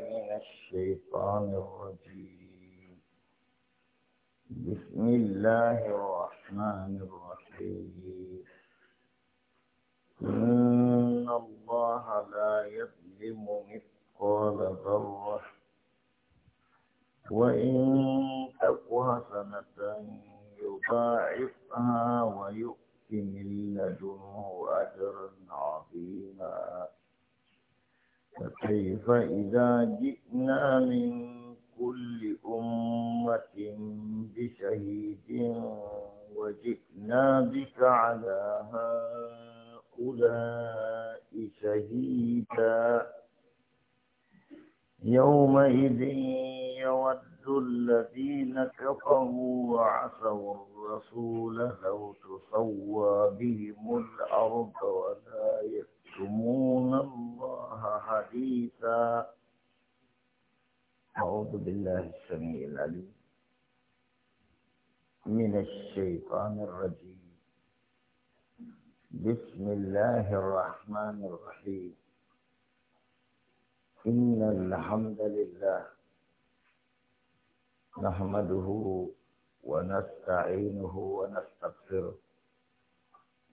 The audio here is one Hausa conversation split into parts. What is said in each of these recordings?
من الشيطان الرجيم بسم الله الرحمن الرحيم إن الله لا يظلم مثقال ذرة وإن تك حسنة يضاعفها ويؤتي من لدنه أجرا عظيما فكيف إذا جئنا من كل أمة بشهيد وجئنا بك على هؤلاء شهيدا يومئذ يود الذين كفروا وعصوا الرسول لو تصوى بهم الأرض ولا يكفرون يكتمون الله حديثا أعوذ بالله السميع العليم من الشيطان الرجيم بسم الله الرحمن الرحيم إن الحمد لله نحمده ونستعينه ونستغفره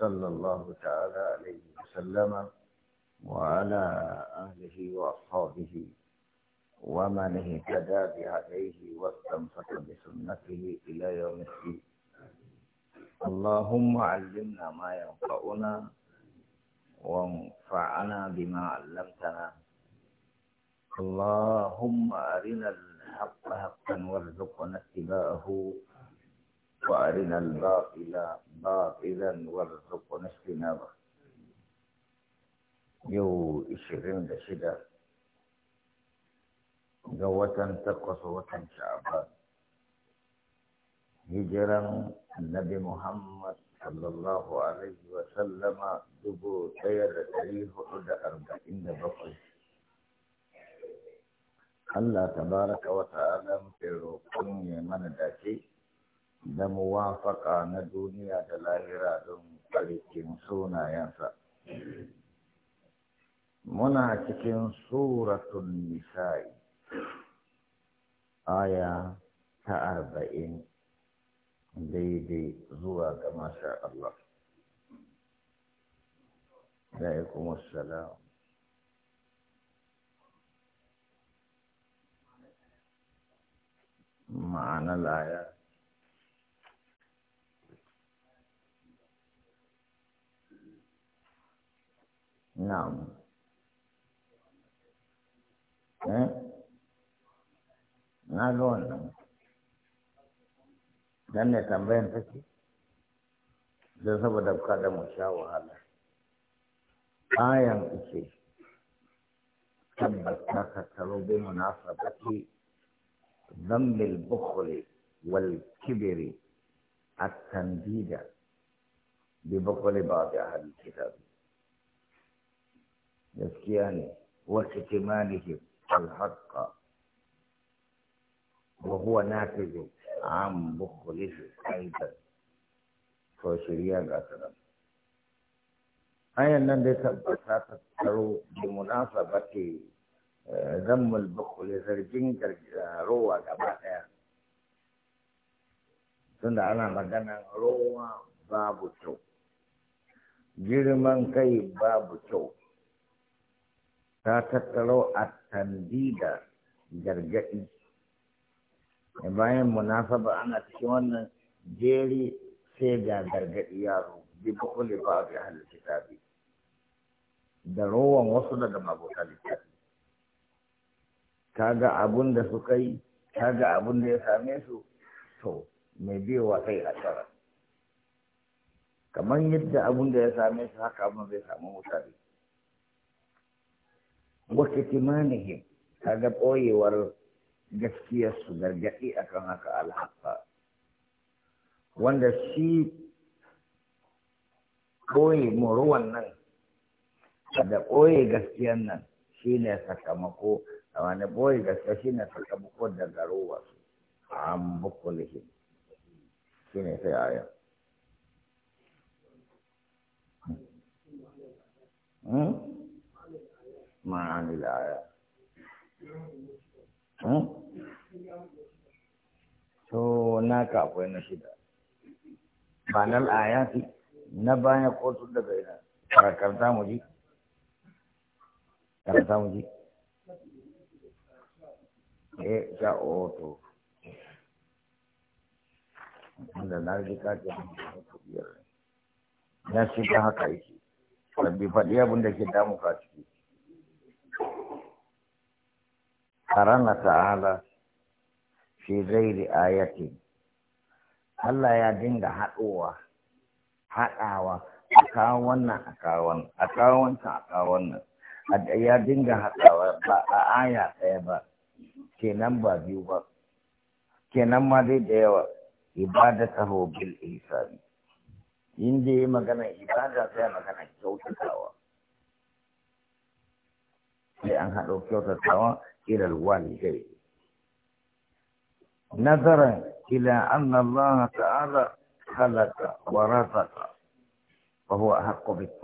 صلى الله تعالى عليه وسلم وعلى أهله وأصحابه ومن اهتدى بهديه واستمسك بسنته إلى يوم الدين اللهم علمنا ما ينفعنا وانفعنا بما علمتنا اللهم أرنا الحق حقا وارزقنا اتباعه وأرنا الباطل باطلا وارزقنا اجتنابه يو إشرين دشدا جوة تقص وطن شعبان هجرا النبي محمد صلى الله عليه وسلم دبو تير تريه حد أربعين بقل الله تبارك وتعالى في روحه من داشي da muwafaƙa na duniya da lahira don ƙarfin sunayensa. Muna cikin suratun nisa'i, aya ta arba'in daidai zuwa ga masha Allah. نعم ايه ما قلنا لن يتنبين فكي لن يتنبين فكي لن يتنبين فكي آية فكي تبت لك تلوب منافقتي ذنب البخل والكبر التنديد ببخل بعض أهل الكتاب يسكيان وكتمانه الحق وهو ناتج عن بخله أيضا فشريان أثرا أي أن تبقى تترو بمناسبة آه، ذم البخل زرجين روى كما tunda ana maganan rowa babu kyau girman kai babu kyau ta tattaro a da gargaɗi bayan munafa ba ana cikin wannan jeri sai ga gargaɗi yaro bi bukuli ba ga halin kitabi da rowan wasu daga mabota littafi kaga abun da suka yi kaga abun da ya same su to mai biyowa a asara kamar yadda abun da ya same su haka abun zai samu mutane wa ta kaga boyewar gaskiyar su gargadi akan haka alhaqa wanda shi koyi muruwan nan da koyi gaskiyar nan shine sakamako da wani boye gaskiya shine sakamako da garuwa su an bukulihim shine sai Hmm? معاني الآيات to naka akwai na shida banal na baya kotu daga ina karanta mu ji karanta mu ji eh ja oto da na ji ka ce na shi ka haka yake rabbi faɗi abin da ke damu ka ciki karana ta'ala fi غير آية Allah ya dinga haɗowa, haɗawa, a kawo wannan a wannan a kawon ta a kawo wannan. Ya dinga haɗawa ba a aya ɗaya ba, kenan ba biyu ba, kenan ma dai da yawa, ibadata hobil isani Yin da yi magana ibada sai magana kyautatawa. sai an haɗo kyautatawa ilal walidai nazara ila anna Allah ta'ala khalaqa wa razaqa wa huwa haqqu bit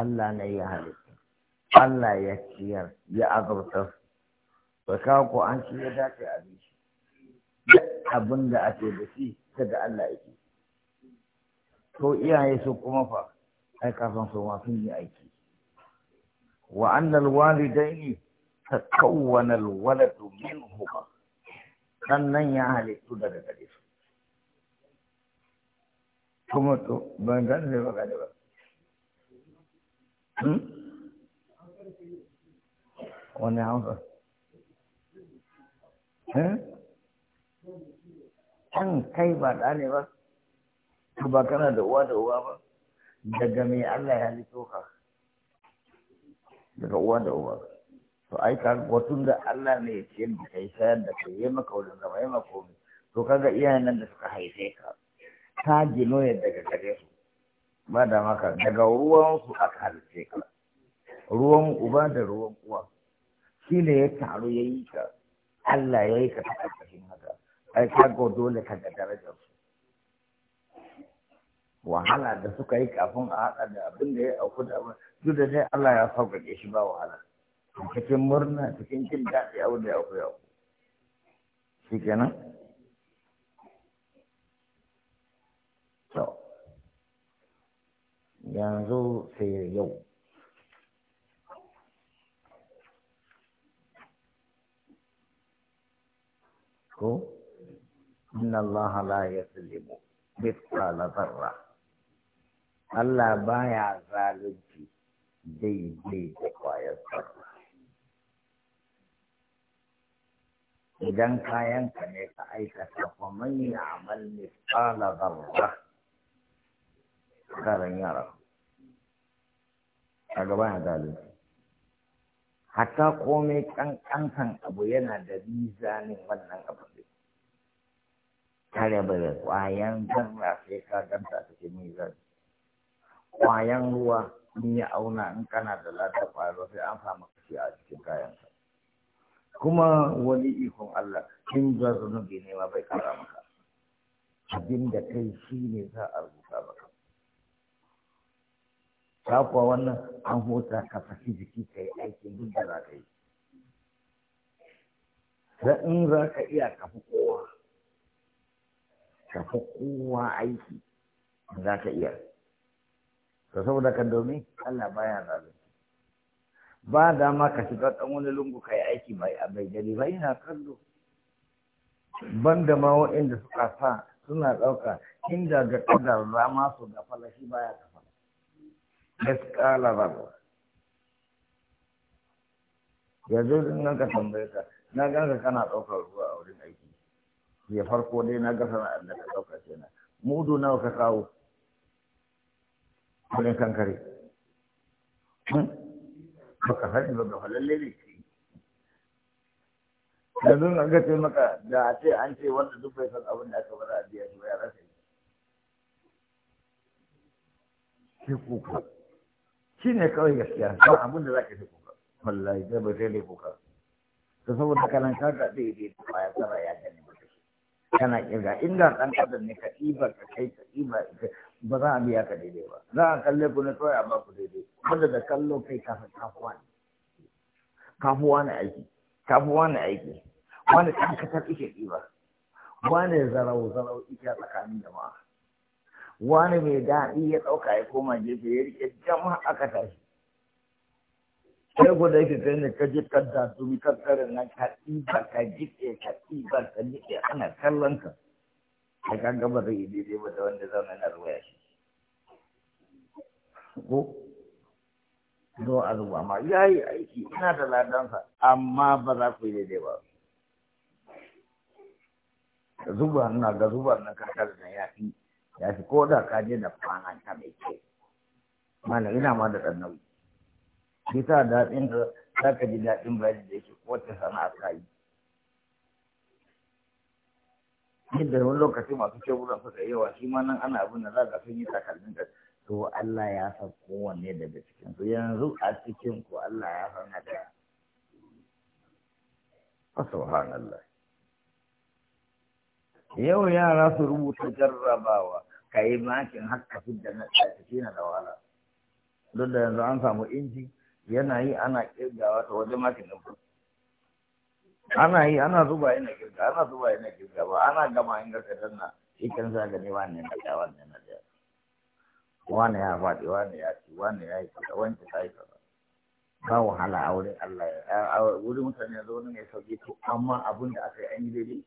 Allah ne ya halitta Allah ya ciyar ya azurta ba kawo ko an ci ya dace a bi shi abin da ake da shi da Allah yake to iyaye su kuma fa ai kafin su ma sun yi aiki وأن الوالدين تكون الولد منهما sannan ya halittu daga gare su kuma to ban gane ne ba gane ba wani hausa can kai ba ɗa ne ba ba kana da uwa da uwa ba daga mai Allah ya halitto ka daga uwa da uwa. to ai ka watun da Allah ne ya da kai sayar da kai yi maka wannan zama yi maka komai to kaga iyayen nan da suka haife ka ta gino ne daga gare su ba da maka daga ruwan su aka halice ka ruwan uba da ruwan uwa shi ne ya taru ya yi ka Allah ya yi ka ta haka ai ka ga dole ka ga darajar wahala da suka yi kafin a haɗa da abin da ya auku da duk da dai Allah ya sauƙaƙe shi ba wahala cikin murna cikin jin daɗi a da ya auku yau shi kenan to yanzu sai yau ko inna Allah la yaslimu mithqala dharra Allah baya zalunci daidai da kwayar sarra idan kayanka ne ka aikata kuma ya amal misala zarra karan yara a gaban adalci hatta komai kankan abu yana da mizanin wannan abu ne kare bai kwayan zarra sai ka ganta cikin mizani kwayan ruwa ni ya auna in kana da lada ƙwaro sai an samu kashi a cikin kayansa kuma wani ikon Allah kin zuwa zunubi ne ma bai kara maka abin da kai shi ne za a rubuta maka ta kuwa wannan an hota ka saki jiki ka yi aikin duk da za ka yi da in za ka iya ka fi kowa ka kowa aiki za ka iya to saboda ka domin Allah baya zalunci ba dama ka shiga ɗan wani lungu ka aiki bai a bai gari ba ina kallo banda ma waɗanda suka sa suna ɗauka inda ga kadar rama su ga falashi baya kafa gaskala Ya yanzu din nan ka tambaye ka na ganka kana ɗaukar ruwa a wurin aiki ya farko dai na ga sana'ar da ka ɗauka kenan mudu nawa ka kawo wurin kankare hmm? baka sani ba ga falalle ne yanzu na ga ce maka da a ce an ce wanda duk bai san abin da aka bara a biya shi ba ya rasa yi shi kuka shi ne kawai gaskiya ba abin da za ka shi kuka wallahi zai bai zai dai kuka Ta saboda kanan ka ga ta dai ba ya tsara ya gani kana kirga inda ɗan adam ne ka ɗiba ka kai ka ɗiba ba za a biya ka daidai ba za a kalle ku na tsoya ba ku daidai wanda da kallo kai kafin kafuwa ne kafuwa ne aiki kafuwa ne aiki wani kankatar ike ɗiba wani zarau zarau ike tsakanin jama'a wani mai daɗi ya ɗauka ya koma gefe ya rike jama'a aka tashi sai ku da yake kai ne ka je ka dadumi ka tsarin nan ka ɗiba ka jiƙe ka ɗiba ka jiƙe ana kallon ka a kan gaba zai yi daidai ba da wanda zaune na ruwa ya shi ko zo a ma ya yi aiki ina da ladansa amma ba za ku yi daidai ba zuba na ga zuba na kakar da ya fi ya fi ko da ka je da kwana ta mai kyau mana ina ma da ɗan nauyi sa daɗin da za ka ji daɗin ba da yake ta sana'a ka yi yadda wani lokaci masu cewa suka yawa shi ma nan ana abin da za ka sun yi takalmin da to Allah ya san kowanne daga cikin su yanzu a cikin ku Allah ya san na daya subhanallah yau yara su rubuta jarrabawa ka yi makin haka fi da na tsaki na da wala don da yanzu an samu inji yana yi ana kirgawa ta wajen makin ɗin ana yi ana zuba yana kirga ana zuba yana kirga ba ana gama in gasa danna shi kan sa gani wani na da wani na da wani ya faɗi wani ya ci wani ya yi kaza wani ta yi kaza ba wahala a wurin Allah ya wurin mutane zo ne mai sauki to amma abin da aka yi an yi daidai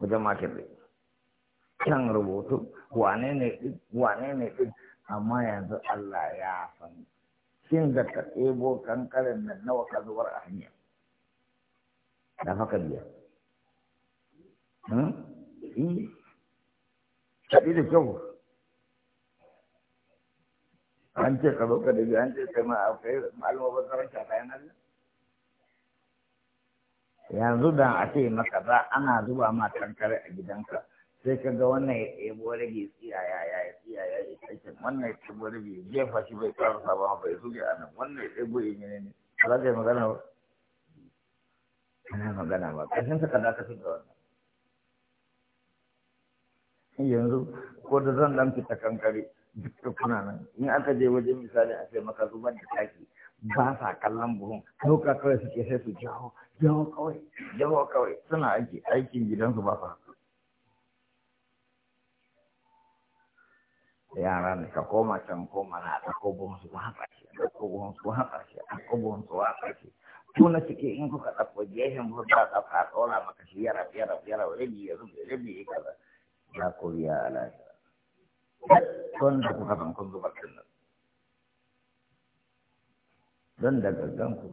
wajen makin da kan rubutu wane ne wane ne din amma yanzu Allah ya san shin da ka ebo kankaren nan nawa ka zubar a hanyar? dan haka biya in kaɗi da kyau an ce ka zo ka dabi an ce kai ma akwai malama makaranta ta yanar yanzu da a ce maka za ana zuba ma kankare a gidanka sai ka ga wannan ya ɗebo rage tsiyaya ya ya tsiyaya ya tsakin wannan ya ɗebo rage jefa shi bai karasa ba bai zuge a nan wannan ya ɗebo ya ne ne ba za ka yi magana ba kana magana ba ƙarshen ka da ka fi da wannan yanzu ko da zan dan fita kankare duk kuna nan in aka je waje misali a ce maka zubar da taki ba sa kallon buhun ɗauka kawai suke sai su jawo jawo kawai jawo kawai suna aiki aikin gidansu ba sa yara ne ka koma can koma na ɗauko buhun su haɗa ce ɗauko buhun su haɗa ce ɗauko buhun su haɗa ce. tuna ciki in kuka ɗauko gefen hulɗa ɗauka ɗora maka shi yara yara yara rabi ya zube rabi ya kaza ya koriya a lafiya don da kuka san kun zubar din nan don da gaggan ku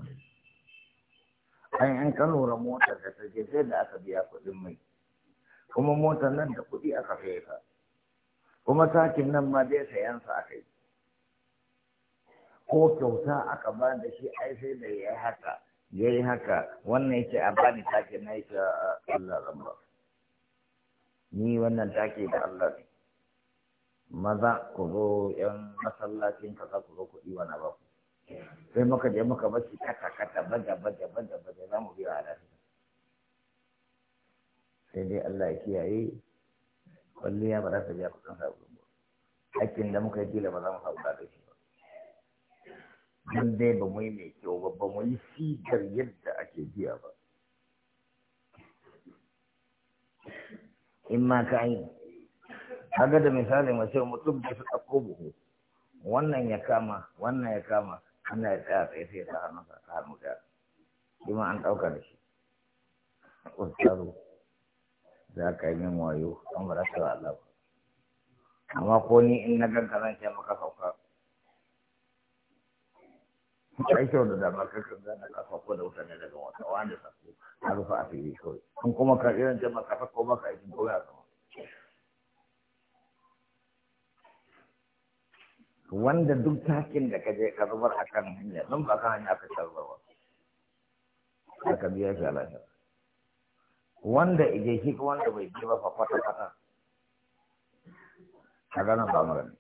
an yan ka lura motar da ta jefe da aka biya kuɗin mai kuma motar nan da kuɗi aka fiye ta kuma takin nan ma dai sayansa aka yi ko kyauta aka ba da shi ai sai da ya yi haka ya yi haka wannan ya ce a bani take na yake Allah ramba ni wannan take da Allah ne maza ku zo yan masallacin kaza ku zo ku ɗiwa ba baku sai muka je muka bashi kata kata baja baja baja baja za mu biya a lafiya sai dai Allah ya kiyaye kwalliya ba za ta biya kusan sabon ba hakin da muka yi dila ba za mu sauka da shi don dai ba mu yi mai kyau ba ba mu yi sigar yadda ake biya ba in ma ka yi kaga da misali mace mutum da su ɗauko buhu wannan ya kama wannan ya kama ana ya tsaya tsaye sai ya sa ta hannu ta shi ma an ɗauka da shi ƙwarsaro za ka yi min wayo an ba za ka yi Allah ba amma ko ni in na gankaran zan ce maka sauka kai kyau da dama kai kan gane ka sako da wuta ne daga wata wani sako ka rufa a fili kawai kun kuma ka irin jama ka sako maka aikin ko ya kama wanda duk takin da ka je ka zubar a kan hanya nan ba ka hanya aka sharbar ba aka biya shi alaƙa wanda ije shi ko wanda bai je ba fa kwata kwata a ganin ba magana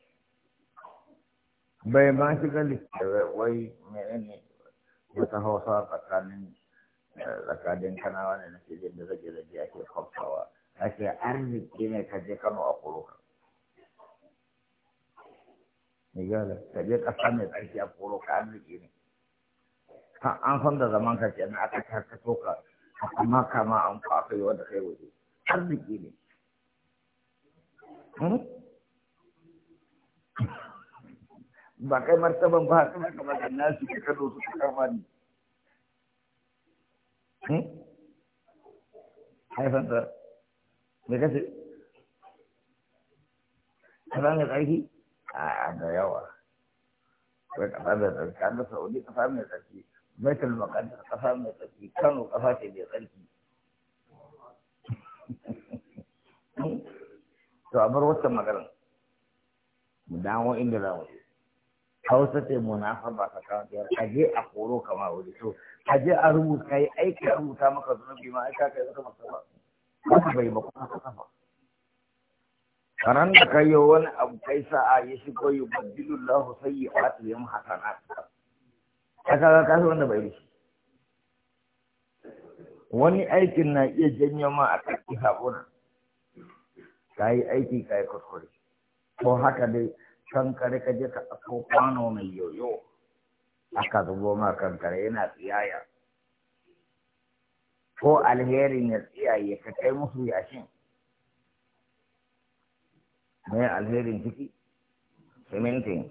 bai ma shiga wai menene wata hausa tsakanin tsakanin kanawa ne na cikin da zage zage ake kwamfawa ake arziki ne ka je kano a kuroka Nigala, ka je kasa mai tsarki a kuroka arziki ne. An san da zaman ka kenan aka karkato ka amma kama an kwafa wanda kai waje. Arziki ne. ba kai martaban ba kana kamar da nasu ka kado su kama ni haifan hmm? ta me kace kana ne tsarki a da yawa kai kasa da tsarki an da saudi kasa mai tsarki baitul maqdis kasa mai tsarki kano kasa ce mai tsarki hmm? to a bar wata magana mu dawo inda za mu je hausa ce munafaba tsakanin a je a koro kama wuri so a je a rubuta yi aiki a rubuta maka zunubi ma aika yi zaka masa ba wani bai ba kuma ka kafa karan da ka yi wani abu kai sa'a ya shigo yi badilu lahu sayyi atu yam A ka kaga ka wanda bai rishi wani aikin na iya janyo ma a kaki sabona ka yi aiki ka yi kuskure ko haka dai kankare ka je ka ɗauko kwano mai yoyo aka zubo ma kankare yana tsiyaya ko alherin ya tsiyaye ka kai musu yashin me alherin ciki simintin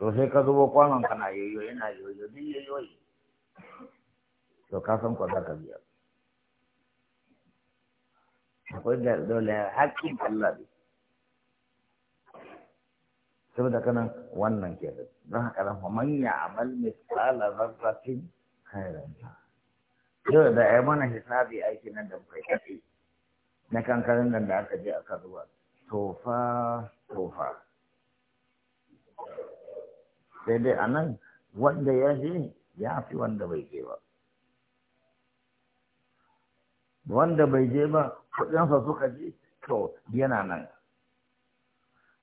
to sai ka zubo kwanon kana yoyo yana yoyo duk yoyoyi to ka san ko ka biya akwai da dole haƙƙin Allah ne saboda kanan wannan ke da don haka nan man ya amal misala zarratin khairan yau da ai mana hisabi aiki nan da kai kai na kankanin nan da aka je aka zuwa tofa tofa sai dai a nan wanda ya je ya fi wanda bai je ba wanda bai je ba kudinsa suka je to yana nan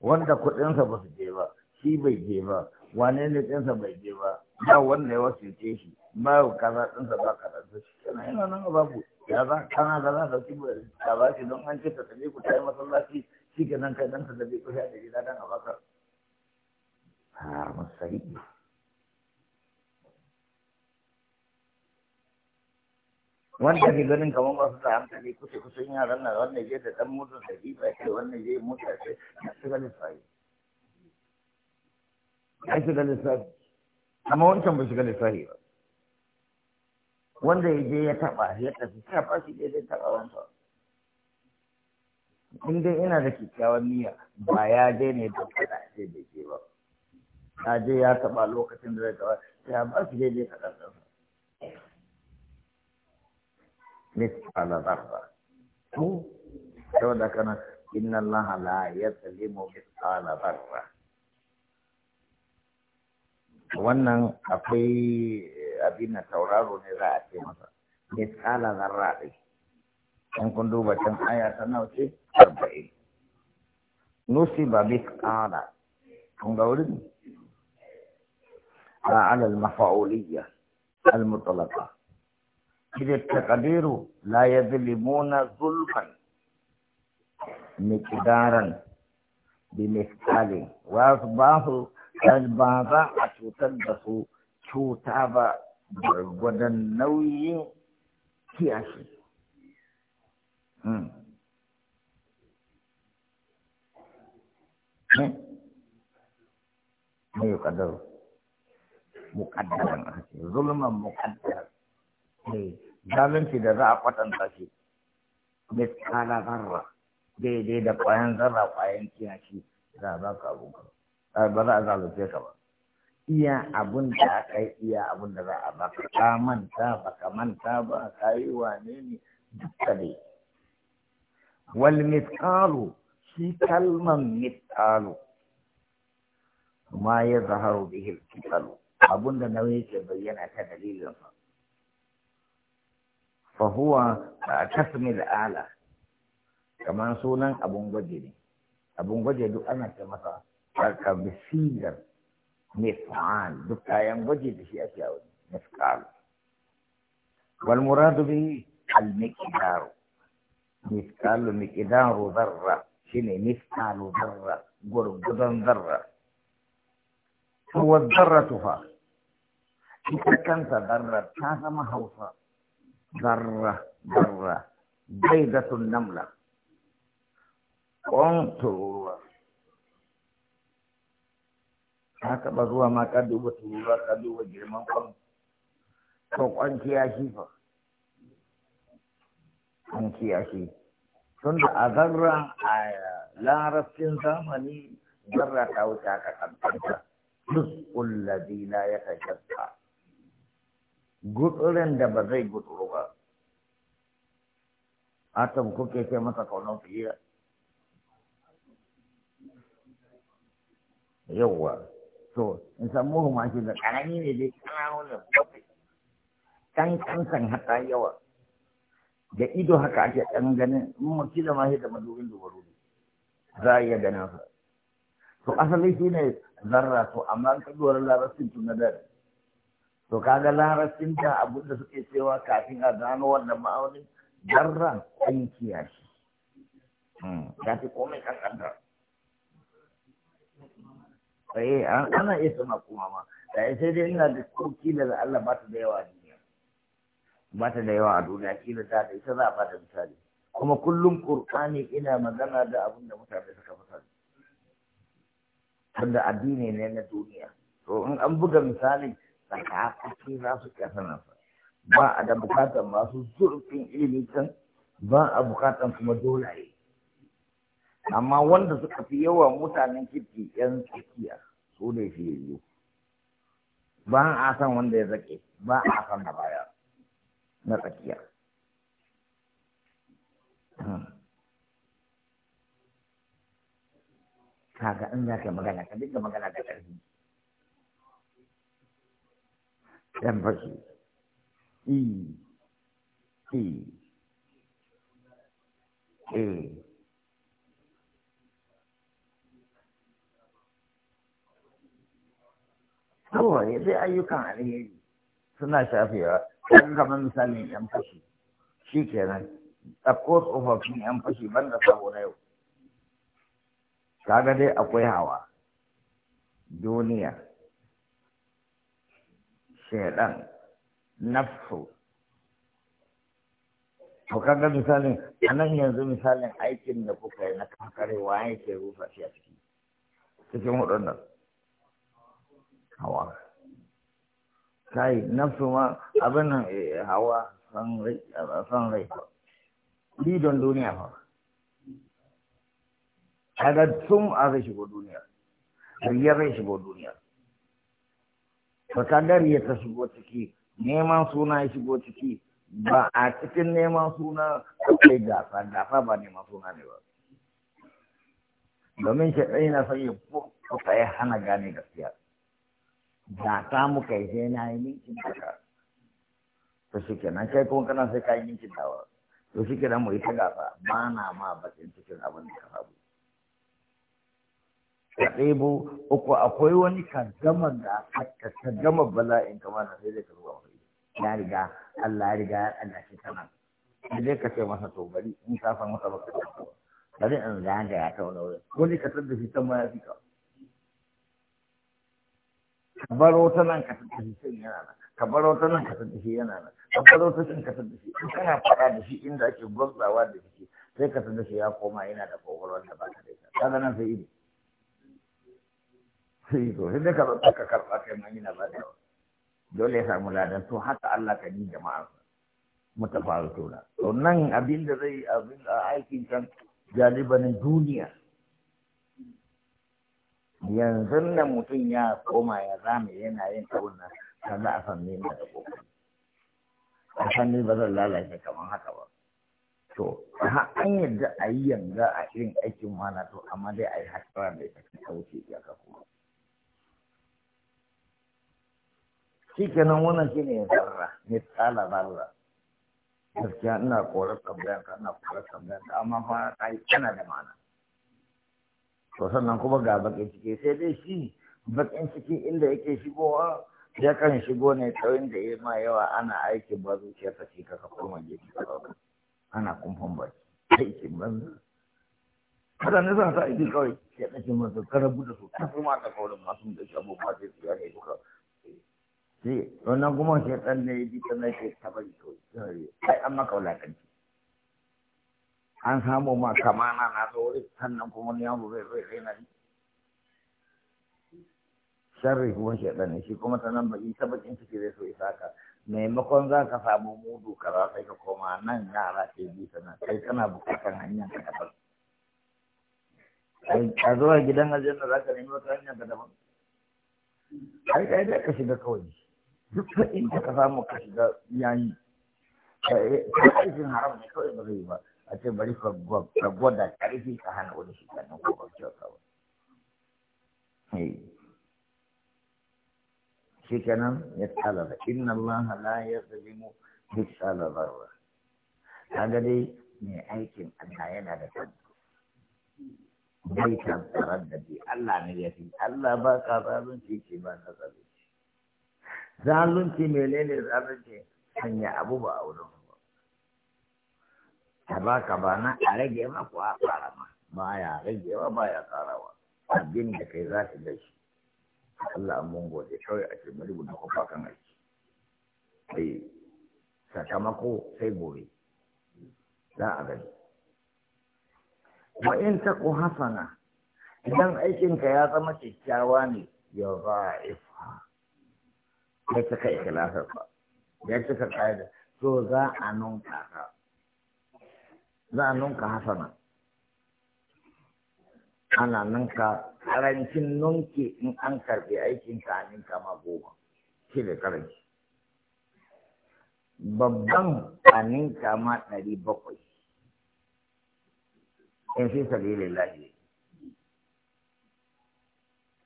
wanda kuɗinsa ba su je ba shi bai je ba wane ne ɗinsa bai je ba ba wanda ya wasu ce shi ba kaza ɗinsa ba kaza ta shi kana yana nan babu ya za kana da za ka ci ka ba shi don an ce ta tafi ku tayi masallaci shi ke nan kai ɗan ta bai kusa da gida dan a baka ha wanda ke ganin kamar ba su da hankali kusa kusan yaran nan wannan je da dan mutum da ba ce wannan je mota ce ya shiga lissafi ya shiga lissafi amma wancan ba shiga lissafi ba wanda ya je ya taba ya tafi ta ba shi je zai taba wancan in dai ina da kyakkyawan niyya ba ya je ne da kada sai da ke ba ya je ya taba lokacin da zai taba ya ba shi dai kada sai مثقال ذرة saboda kana inna allaha la yadlimu mithqala dharra wannan akwai abin na tauraro ne za a ce masa mithqala dharra dai in kun duba can aya ta nawa ce arba'in nusiba mithqala kun ga wurin a alal mafa'uliyya al-mutlaqa kide ta kadiru la ya zulmuna zulfan miqdaran bi miskali wa asbahu albaza atutan da su cuta ba gwargwadon nauyin kiyashi mai yukadar mukaddar zulman mukaddar ne zalunci da za a kwatanta shi miskala zarra daidai da kwayan zarra kwayan kiyashi za a zaka ba za a zalunce ka ba iya abun da aka yi iya abun da za a baka ka manta ba ka manta ba ka yi wane ne dukka dai wal miskalu shi kalman miskalu ma ya zaharu bihil kitalu abun da nauyi ke bayyana ta dalilin fa. فهو كسم الآلة كما سونا أبو مجد أبو مجد أنا كما كمسا كبسيجر مفعال دكتا ينبجد في أشياء مثقال والمراد به المقدار مثقال مقدار ذرة شنو مثقال ذرة قرقدا ذرة هو الذرة فا إذا كانت ذرة كان ما هوصل ذرة ذرة بيضة النملة وانطروا haka ba zuwa ma ka duba turuwa ka duba girman kwan to kwanci ya shi fa kwanci ya shi tun da a zarra a larabcin zamani zarra ta wuce aka kankanta duk kullabi na ya kashasta gutsurin da ba zai gutsuru ba atom kuke ce masa kaunar fiye yauwa so in san muhu ma shi da karami ne dai kananu ne kan kansan hata yawa da ido haka ake ɗan ganin in maki da mahi da madubin dubaru ne za a iya ganin sa to asali shi ne zarra to amma an kaduwar larabcin tun na dare to kaga larabcin ta abin da suke cewa kafin a gano wannan ma'aunin jarra an kiyashi hmm, ya fi komai kankantar eh ana iya sama kuma ma da sai dai ina da koki da Allah ba ta da yawa a duniya ba ta da yawa a duniya kila da ita za a fata misali kuma kullum qur'ani ina magana da abin da mutane suka fasa tunda addini ne na duniya to in an buga misalin tsakatsaki za su iya sanarsa ba a da bukatar masu zurfin ilimi kan ba a bukatar kuma dolaye amma wanda suka fi yawa mutanen kirki yan tsakiya su ne fiye biyu ba a san wanda ya zake ba a san na baya na tsakiya hmm. kaga in za ka magana ka dinga magana da ƙarfi ɗan fashi i i e, e kawai dai ayyukan alheri suna shafewa ɗan kamar misalin ɗan fashi shi kenan ɗauko tsofaffin ‘yan fashi ban da sabo na yau. Kaga dai akwai hawa, duniya, shaidan nafsu to kaga misalin a nan yanzu misalin aikin da kuka yi na kankarewa yake rufa shi a ciki cikin hudun hawa kai nafsu ma abin nan eh, hawa san rai san rai don duniya fa kaga sun a zai shigo duniya riyar zai shigo duniya sakagari ya ta shigo ciki neman suna ya shigo ciki ba a cikin neman suna akwai gasa gasa ba neman suna ne ba domin shi ɗaya na son kuka ya hana gane gaskiya gasa muka yi sai na yi ninkin daga to shi kenan kai kuma kana sai ka yi ninkin dawa to shi kenan mu yi ta gasa ba na ma bakin cikin abin da ka samu ka ɗebo uku akwai wani kan gama da aka ta gama bala'in kamar na sai dai ka zuwa wani ya riga Allah ya riga ya ɗaga shi kana sai zai ka ce masa to bari in ka san masa baka bari in ga da ya kawo wurin wani ka tada shi ta ma fi ka ka baro ta nan ka shi sai yana nan ka baro ta nan ka tada shi yana nan ka baro ta nan ka shi in kana faɗa da shi inda ake gwamzawa da shi sai ka tada shi ya koma yana da kokolwar da ba ka da ita kaga nan sai ido sai to sai ka zata ka karɓa kai ma yana ba dole ya samu ladan to haka Allah ka ni jama'a mata faru to nan abin da zai abin aikin kan jalibanin duniya yanzu nan mutum ya koma ya zame yana yin abun nan za a san nina da kokari a san ni ba zan lalace kamar haka ba to ha an yadda a yi yanzu a irin aikin mana to amma dai a yi hasara da ita ya ka shi kenan wannan shi ne zarra ne tsala zarra gaskiya ina korar tambayan ka ina korar tambayan ka amma fa ta yi tana da mana to sannan kuma ga bakin ciki sai dai shi bakin ciki inda yake shigowa ya kan shigo ne ta da ya ma yawa ana aiki ba zuciyarsa shi ka ka koma gefe ana kumfan ba aikin banza kada ne zan sa aiki kawai ke ɗakin masu karabu da su ta kuma ta kaurin masu da shi abubuwa sai su yare duka sai wannan kuma dan ne ji ta na ce ta bari to sai an maka wulakanci an samu ma kamana na tsori sannan kuma ni yawon bai bai sai na ji sharri kuma dan ne shi kuma ta nan baki ta bakin ciki so isa ka maimakon za ka samu mudu kaza sai ka koma nan yara ke bi ta nan kai kana bukatar hanyar ka daban a zuwa gidan aljanna za ka nemi wata hanyar ka daban ai kai da ka shiga kawai duk sa'in da ka samu ka shiga yayi ka aikin haram ne kawai ba zai ba a ce bari ka gwada karfi ka hana wani shiga nan ko ba kyauta ba eh. shi kenan ya tsala da inna allaha la yazlimu misala zarra kaga dai mai aikin Allah yana da kansa bai tantarar da bi Allah ne ya fi Allah ba ka zalunci ke ba na zalunci zalunci menene zalunci sanya abu ba a wurin ba ta baka ba na a rage ma ko a ƙara ma ba ya ragewa ba ya ƙarawa abin da kai za ka gashi Allah mun gode kawai a ce bari guda kofa kan aiki sai sakamako sai gobe za a gani wa'in in ta ku hasana idan aikinka ya zama kyakkyawa ne ya ifa ya cika ba ya cika ƙa'ida so za a nunka ka za a nunka hasana ana ka karancin nunki in an karɓi aikin ka a ninka ma goma shi ne karanci babban a ninka ma ɗari bakwai in fi sabilin lahi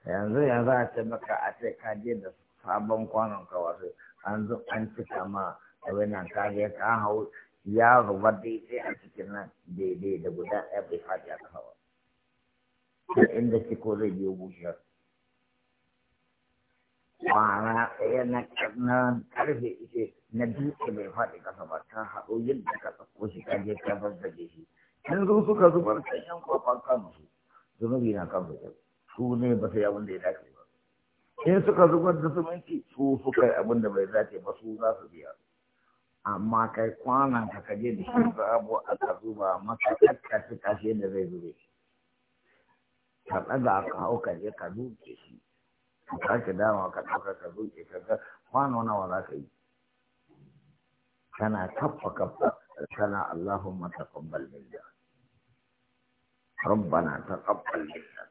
yanzu yanzu a ce maka a sai ka je da su sabon kwanon ka wasu an zo an cika ma da wannan kariya ka hau ya ruba daidai a cikin nan daidai da guda ɗaya bai faɗi a ƙasa ba da inda ko zai biyo bushiyar kwana ɗaya na ƙarfe ishe na dutse bai faɗi kasa ba ta haɗo yadda ka ɗauko shi ka je ka zazzage shi sun zo suka zubar kan yan kwafan kansu zunubi na kansu su ne ba sai abin da ya dace ba in suka zubar da zumunci su suka yi abin da bai dace ba su za su biya amma kai kwanan ka kaje da shi sabo a ka zuba maka kakka shi kashe da zai zube ka ɗaga ka hau ka je ka zuke shi ka sake dama ka ɗauka ka zuke ka ga kwano nawa za ka yi kana kaffa kaffa kana Allahumma taqabbal minna ربنا تقبل منا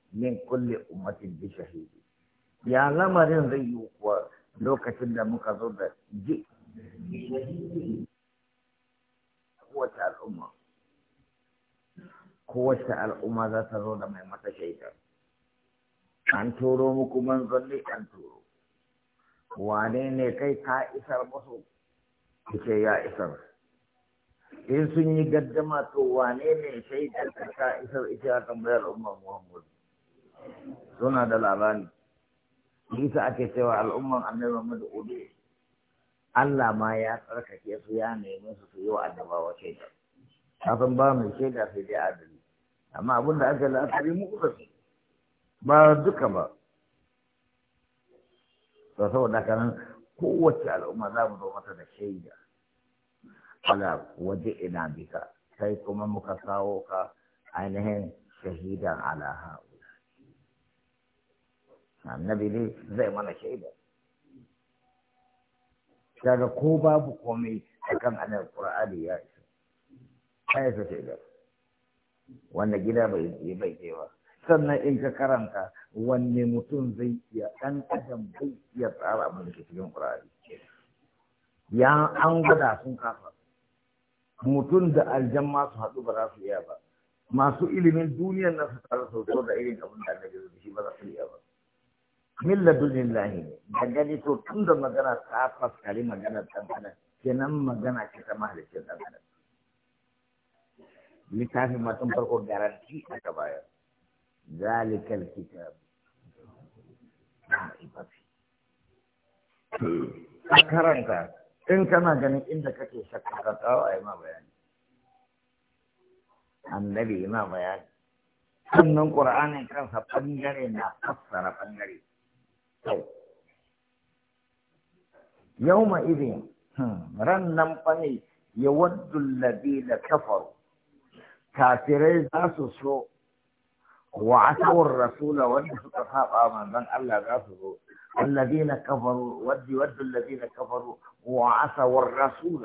min kulli ummatin bi shahidi ya lamarin zai yi kuwa lokacin da muka zo da ji kowace al'umma kowace al'umma za ta zo da mai mata shaida an turo muku manzanni an turo wane ne kai ka isar musu ce ya isar in sun yi gaddama to wane ne shaidar ka isar ita tambayar umar muhammadu suna da labari isa ake cewa al'umman annabi Muhammad udu Allah ma ya tsarkake su ya nemi su su yi wa annabawa shaida kafin ba mai shaida sai dai adali amma abin da aka la'akari mu kusa su ba duka ba to saboda kanan kowace al'umma za mu zo mata da shaida ala waje ina bika sai kuma muka kawo ka ainihin shahidan ala annabi ne zai mana shaida daga ko babu komai a kan annabi qur'ani ya isa kai isa shaida wanda gida bai yi bai ba sannan in ka karanta wanne mutum zai iya dan adam zai iya tsara abin da ke cikin qur'ani ya an gwada sun kafa mutum da aljan su haɗu ba za su iya ba masu ilimin duniyar nan su tsara sautar da irin abin da annabi zai shi ba za su iya ba milla dunin lahi da gani to tun da magana ta faskari magana ɗan kenan magana ce ta mahalicin ɗan adam littafin matan farko garanti aka bayar zalikal kitab na ibafi ka karanta in kana ganin inda kake shakka ka kawo a yi ma bayani annabi ma bayani sannan ƙur'anin kansa ɓangare na fassara ɓangare kyau yau ma izin hmm, ran nan fane ya waddun labi da kafaru kafirai za su so wa asawar rasula wanda suka saba manzon Allah za su zo. kafaru, الذين كفروا ود ود الذين كفروا وعصوا الرسول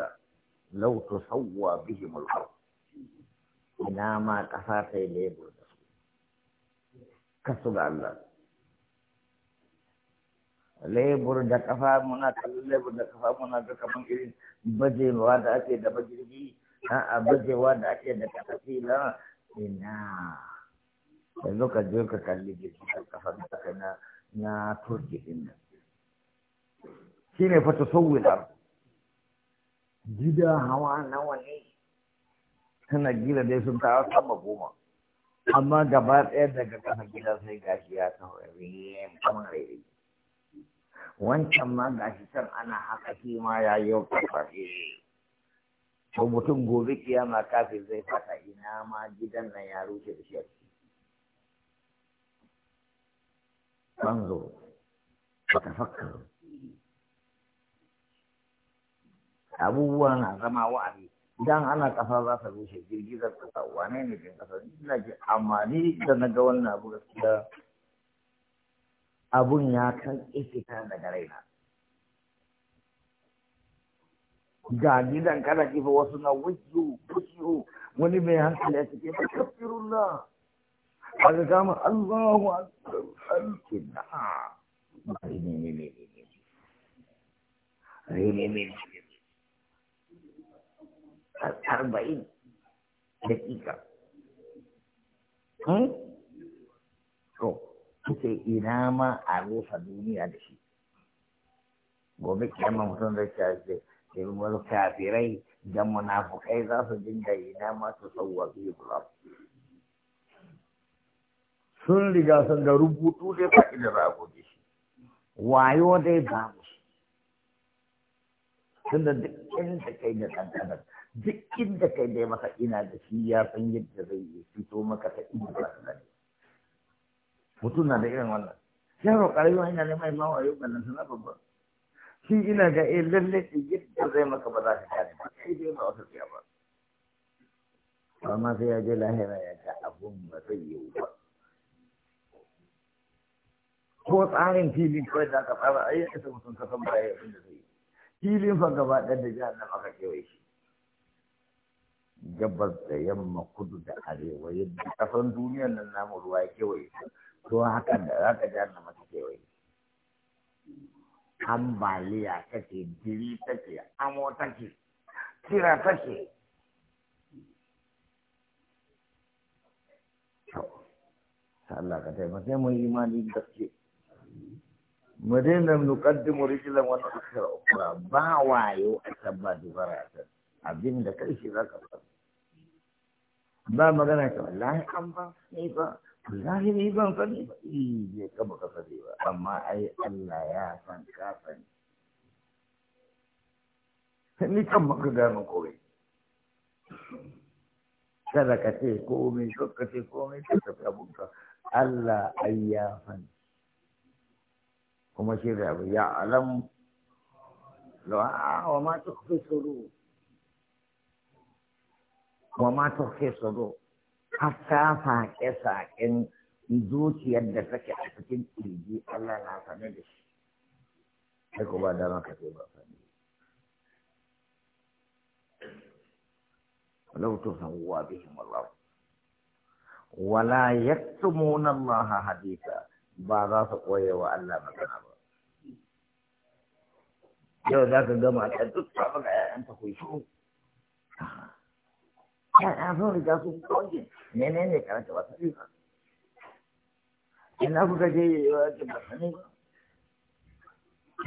لو تسوى بهم الارض ina ma ƙasa ta yi lebur da su kasu ga Allah lebur da kafa muna kallon lebur da kafa muna da kaman irin bajewa da ake da bajirgi a bajewa da ake da kafafi na ina yanzu ka je ka kalli jirgi da kafa da ka na na turki din nan shine fa tasawwila gida hawa nawa ne tana gida dai sun kawo sama goma amma gaba ɗaya daga kasa gida sai gashi ya kawo kamar rai wancan ma ga shi can ana haka shi ma ya yi kafafi to mutum gobe kiyama kafin zai fata ina ma gidan nan ya rushe da shi fanzo ka tafakkaru abubuwa na zama wa'azi idan ana ƙasa za ta rushe girgizar kasa wane ne jin ƙasa ina ji amma ni da na ga wannan abu gaskiya abun ya kan fita daga raina ga gidan ki kifa wasu na wuju kusu wani mai hankali ya cike ta na, a ga kama Allahu akbar ne ce ina ma a rufa duniya da shi gobe kiyama mutum zai ce ke wani kafirai da munafukai za su dinga ina ma su sauwa biyu sun riga sun ga rubutu dai faɗi da za da shi wayo dai ba mu shi da duk inda kai da kankanar duk inda kai dai masa ina da shi ya san yadda zai fito maka ta ina za ka gani mutum na da irin wannan yaro ƙarfi yana neman ma wayo ballan sana babba shi ina ga eh lalle yadda zai maka ba za ka gane ba sai dai ba wata tsaya ba amma sai ya je lahira ya ga abun ba zai yiwu ba ko tsarin filin kawai da aka tsara ai ya isa mutum kasan ba ya abin da zai yi filin fa gaba ɗaya da jihar nan aka kewaye shi gabas da yamma kudu da arewa yadda kasan duniyar nan namu ruwa ya kewaye shi ruwan hakan da za ka jana masu kewaye ambaliya take jiri take amo take kira take Allah ka sai taimake mu da ke. mu daina nuqaddimu rijlan wannan nu'akhkhiru ukhra ba wayo a tabba dubara ta abin da kai shi zaka faɗi ba magana ta wallahi an ba ni ba zahiri ban sani ba je ka baka sani ba amma ai Allah ya san ka sani ni kan maka gano kowai kada ka ce komai ko ka ce komai ka tafi abunka Allah ai ya san kuma shi da ya alam la'a wa ma tukhfi sudur wa ma tukhfi sudur hatta sake saƙen zuciyar da take a cikin ƙirji Allah na sanar da shi. Sai ku ba dama ka ce ba sani. Walau to san uwa bihim Allah. Wala yaktumuna Allah hadisa ba za su koye wa Allah magana ba. Yau za ka gama ta duk ta baga 'ya'yanta ku yi ya'ya sun riga sun kawai mene ne karanta ba sani ba ina kuka je yi wa ki ba sani ba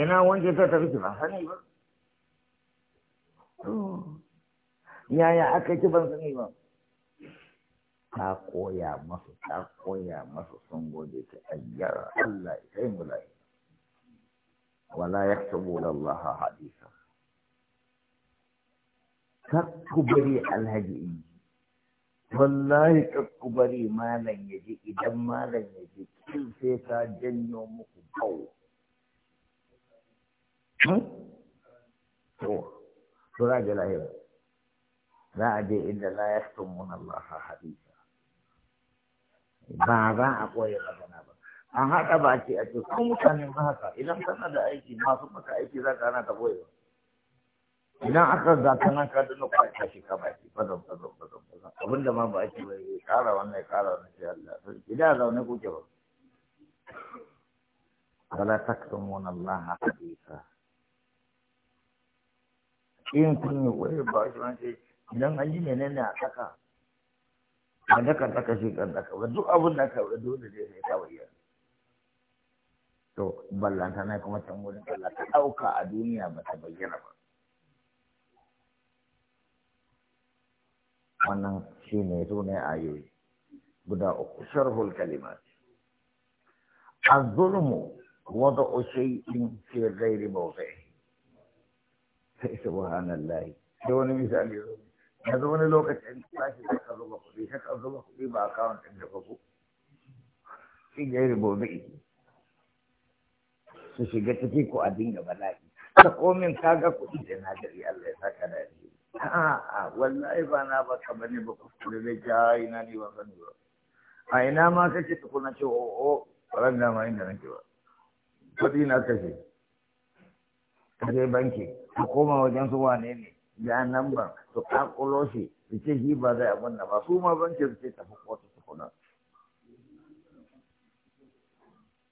ina wanke ta tafi ki ba sani ba yaya aka ki ban sani ba ta koya masu ta koya masu sun gode ta ayyara Allah ya kai mu lafiya wala yaktubu lallaha hadisa kakku bari alhaji in wallahi kakku bari malam ya ji idan malam ya ji kin sai ka janyo muku bau hmm? to to za ga lahira za a je inda la yastumuna Allah hadisa ba za a koyi magana ba an haɗa ce a ce ko mutane ma haka idan kana da aiki masu maka aiki za ka ana ta koyewa idan aka zata nan ka dinga ka shi ka baki fazon fazon fazon abinda abin da ma ba ake ba ya kara wannan ya kara wannan sai Allah sarki da zaune kuke ba wala taktumun Allah hadisa in kun yi wai ba shi wani idan an yi menene a saka ba daka kan shi kan daka ba duk abin da ka dole ne sai ka bayyana to ballanta na kuma can wurin Allah ta dauka a duniya ba ta bayyana ba wannan shi ne sune ayoyi guda uku sharhul kalimat az-zulmu wada'u shay'in fi ghairi mawdi'i sai subhanallahi sai wani misali yanzu wani lokacin tashi da ka zuba kuɗi sai ka zuba kuɗi ba akawun ɗin da ka ku fi ghairi mawdi'i su shiga ciki ko a dinga bala'i ta komin kaga kuɗi da na gari Allah ya saka da ni a'a wallahi ba na ba ka bane ba kuskure da ja ina ne ba sani ba a ina ma kake tukuna ce o oh, o oh, ran da ma inda nake ba kudi na kashe ka je banki ka koma wajen su wane ne ya nan ba su kakulo shi su ce shi ba zai abin da ba su ma banki su ce tafi kotu tukuna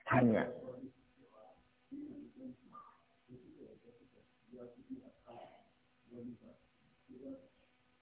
hanya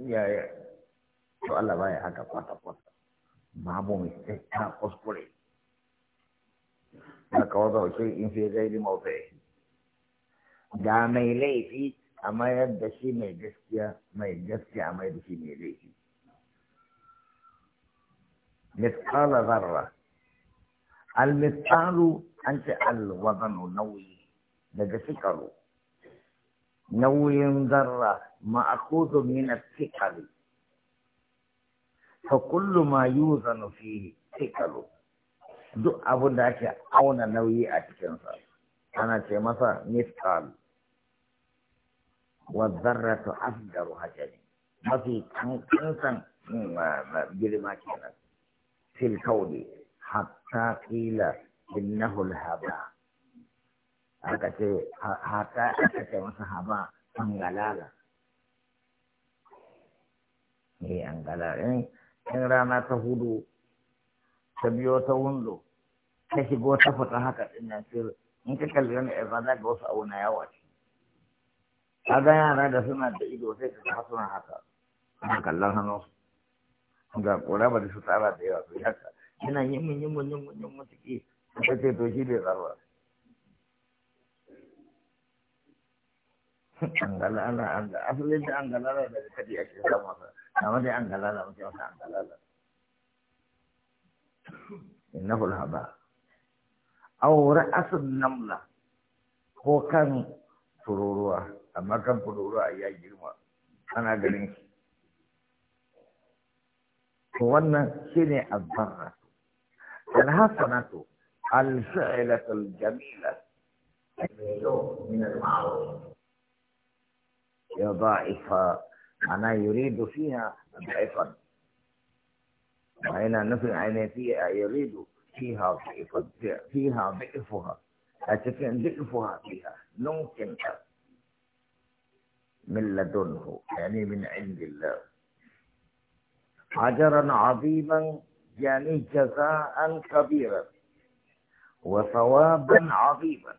ya ya to Allah baya haka kwata kwata babu mai sai ta kuskure haka wata wace in fi gairi mawufe da mai laifi a mayar da shi mai gaskiya mai gaskiya a mayar da shi mai laifi مثقال ذرة المثقال أنت الوزن نوي لذا سكروا نوي ذرة ma'akuzu min al-thiqali fa kullu ma yuzanu fihi duk abun da ake auna nauyi a cikin sa ana ce masa mithqal wa dharratu asdaru hajari mafi kankan girma kenan fil kauni hatta qila innahu al aka ce aka ce masa haba tangalala ne eh, an gala eh, in rana ta hudu ta biyo ta wundo ta shigo ta fita haka din nan sai in ka kalli wani ɗaya za ga wasu auna na yawa ce ga yara da suna da ido sai ka ga suna haka suna kallon hannu ga kura ba da su tsara da yawa su haka yana yin mun yin mun yin mun yin mun ciki ta ce to shi bai tsara angala na angala asalin da angala na daga kadi ake samu masa amma dai angala na mutum masa angala na innahu alhaba aw ra'asun namla ko kan fururuwa amma kan fururuwa ya girma ana ganin shi to wannan shine azbarra alhasanatu الفعلة الجميلة من المعروف يضاعف معناه يريد فيها ضعفا وهنا نفي عن فيها يريد فيها ضعفا فيها ضعفها لكن ضعفها فيها ممكن من لدنه يعني من عند الله أجرا عظيما يعني جزاء كبيرا وثوابا عظيما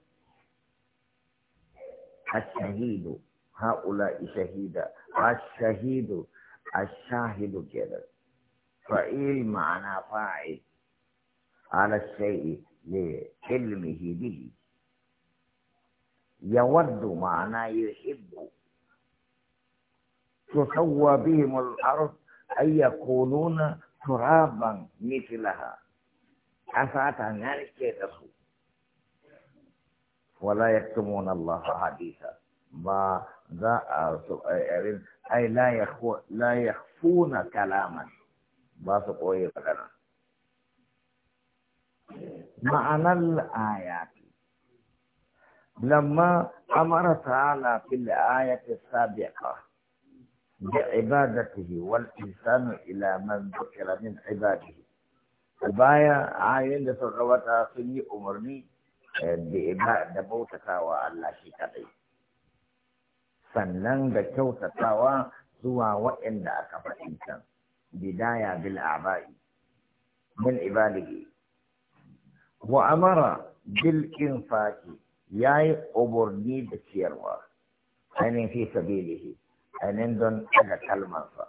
الشهيد هؤلاء شهيدا الشهيد الشاهد كده فعيل معنى فاعل على الشيء لعلمه به يود معنى يحب تسوى بهم الأرض أن يكونون ترابا مثلها أفاتنا نركي ولا يكتمون الله حديثا ba za سؤالين أي لا يخو لا يخفون كلاما ba su koye magana ma'anar لما أمر تعالى في الآية السابقة بعبادته والإنسان إلى من ذكر من عباده الباية عاين لتغوتها في أمرني بعبادة آه، موتك وألا شيء sannan da kyautatawa zuwa waɗanda aka fahimta bidaya bil abai min ibadihi wa amara bil infaqi yayi uburni da ciyarwa ainin fi sabilihi ainin don daga kalmarsa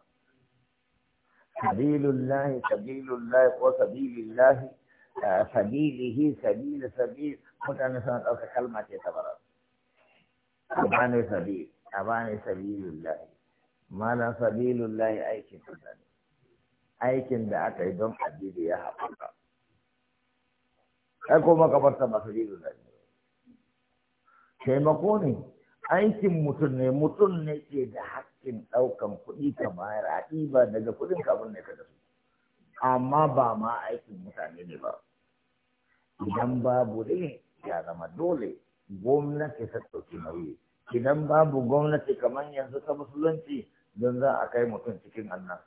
sabilullah sabilullah ko sabilillah sabilihi sabil sabil mutane suna ɗauka kalma ce ta bara amanu sabil a bani sabilillahi malam aikin da aikin da aka yi don addini ya haɓaka ai ko makabarta ba sabilillahi taimako ne aikin mutum ne mutum ne ke da haƙƙin ɗaukan kuɗi ka bayar a daga kuɗin kabin ne ka da amma ba ma aikin mutane ne ba idan babu ne ya zama dole gwamnati ta ɗauki nauyi idan babu gwamnati kamar yanzu ta musulunci don za a kai mutum cikin annan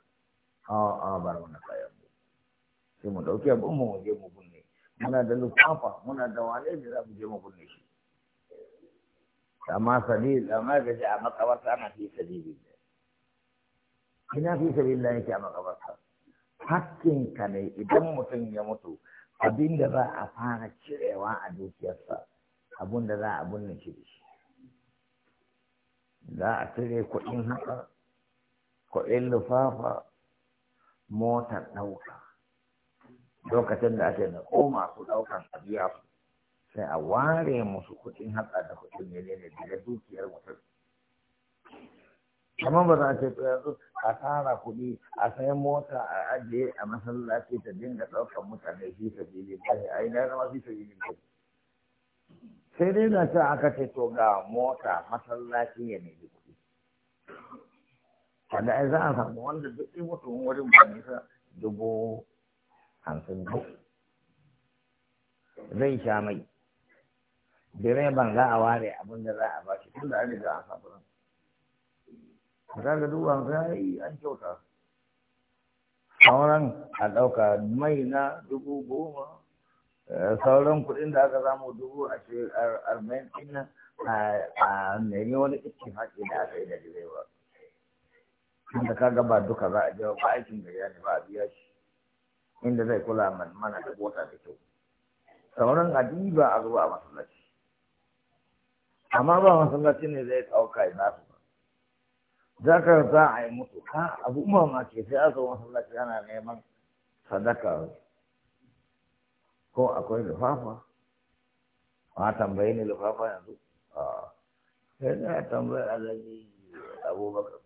a a bar wani kayan mu sai mu dauki abin mu je mu kunne. muna da lufafa muna da wane da za mu je mu kunne. shi amma sabil da da a makabarta ana fi ne ina fi na yake a makabarta hakkin ka ne idan mutum ya mutu abin da za a fara cirewa a dukiyarsa abin da za a binne shi da shi za a cire kuɗin haka kuɗin lufafa motar ɗauka lokacin da ake na koma masu ɗaukan a sai a ware musu kuɗin haka da kuɗin ne daga dukiyar mutum kamar ba za a ce yanzu a tara kuɗi a sai mota a ajiye a masallaci ta dinga ɗaukan mutane fi sabili ai na zama fi sabili sai dai na sa aka ce to ga mota masallaci ya nemi kuɗi kada ai za a samu wanda duk yi mutum wurin ba nisa dubu hamsin ba zai sha mai direban za a ware abin da za a ba shi tun da an riga an samu ran za ka ya yi an kyauta sauran a ɗauka mai na dubu goma Eh, sauran kuɗin da aka samu dubu a arba'in ɗin nan a nemi wani ittifaqi da aka yi da direba inda ka gaba duka za a jawo ba aikin gari ne ba a biya shi inda zai kula mana da bota da kyau sauran adiba a zuwa masallaci amma ba masallaci ne zai ɗauka ya nasu ba za ka za a yi mutu ka abu ma ke sai a zo masallaci ana neman sadaka ko akwai lufafa a tambaye ne lufafa yanzu a sai a tambaye alaji abubakar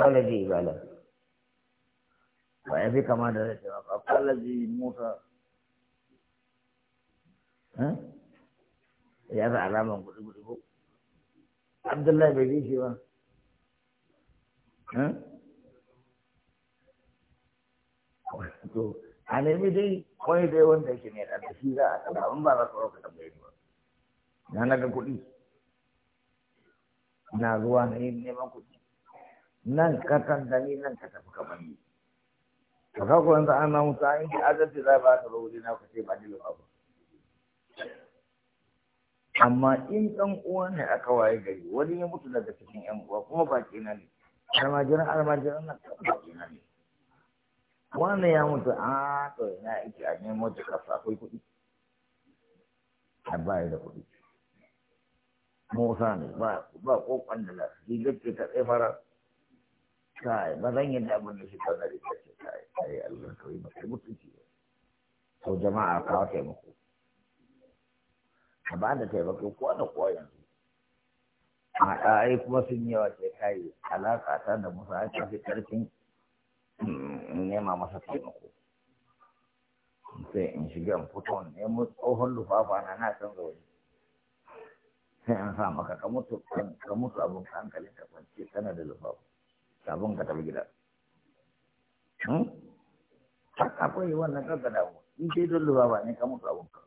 alaji ibala ba ya fi kama da zai ba alaji musa hm? ya fi alaman gudu-gudu ko abdullahi bai bi shi ba hm? to a nemi dai wani dai wanda yake mai ɗan shi za a tsara abin ba za su ɗauka tambayi ba na na ga kuɗi na zuwa na yi neman kuɗi nan ka ni nan ka tafi ka bani ka ka kuwa za an na ta in ki azanci za ba ta rauni na ku ce ba dilo ba amma in ɗan uwa ne aka waye gari wani ya mutu daga cikin ƴan uwa kuma baki na ne almajiran almajiran nan baki na ne wannan ya mutu a to ina yake a nemo ta kasa akwai kuɗi a baya da kuɗi musa ne ba ba kokon da lafi rigar gaske ta tsaye fara kai ba zan yi damar da shi kauna rigar ce kai kai allah kawai ba kai mutunci ba ko jama'a kawo taimako a ba da taimako ko da ko yanzu a ɗaya kuma sun yawa ce kai alaƙa ta da musa ta fi ƙarfin in nema masa taimako sai in shiga in fito in nemo tsohon lufafa na na san zaune sai an sa maka ka mutu ka mutu abin hankalin ka kwance kana da lufafa kafin ka tafi gida hmm? akwai wannan kanka da mu in dai don lufafa ne ka mutu abin ka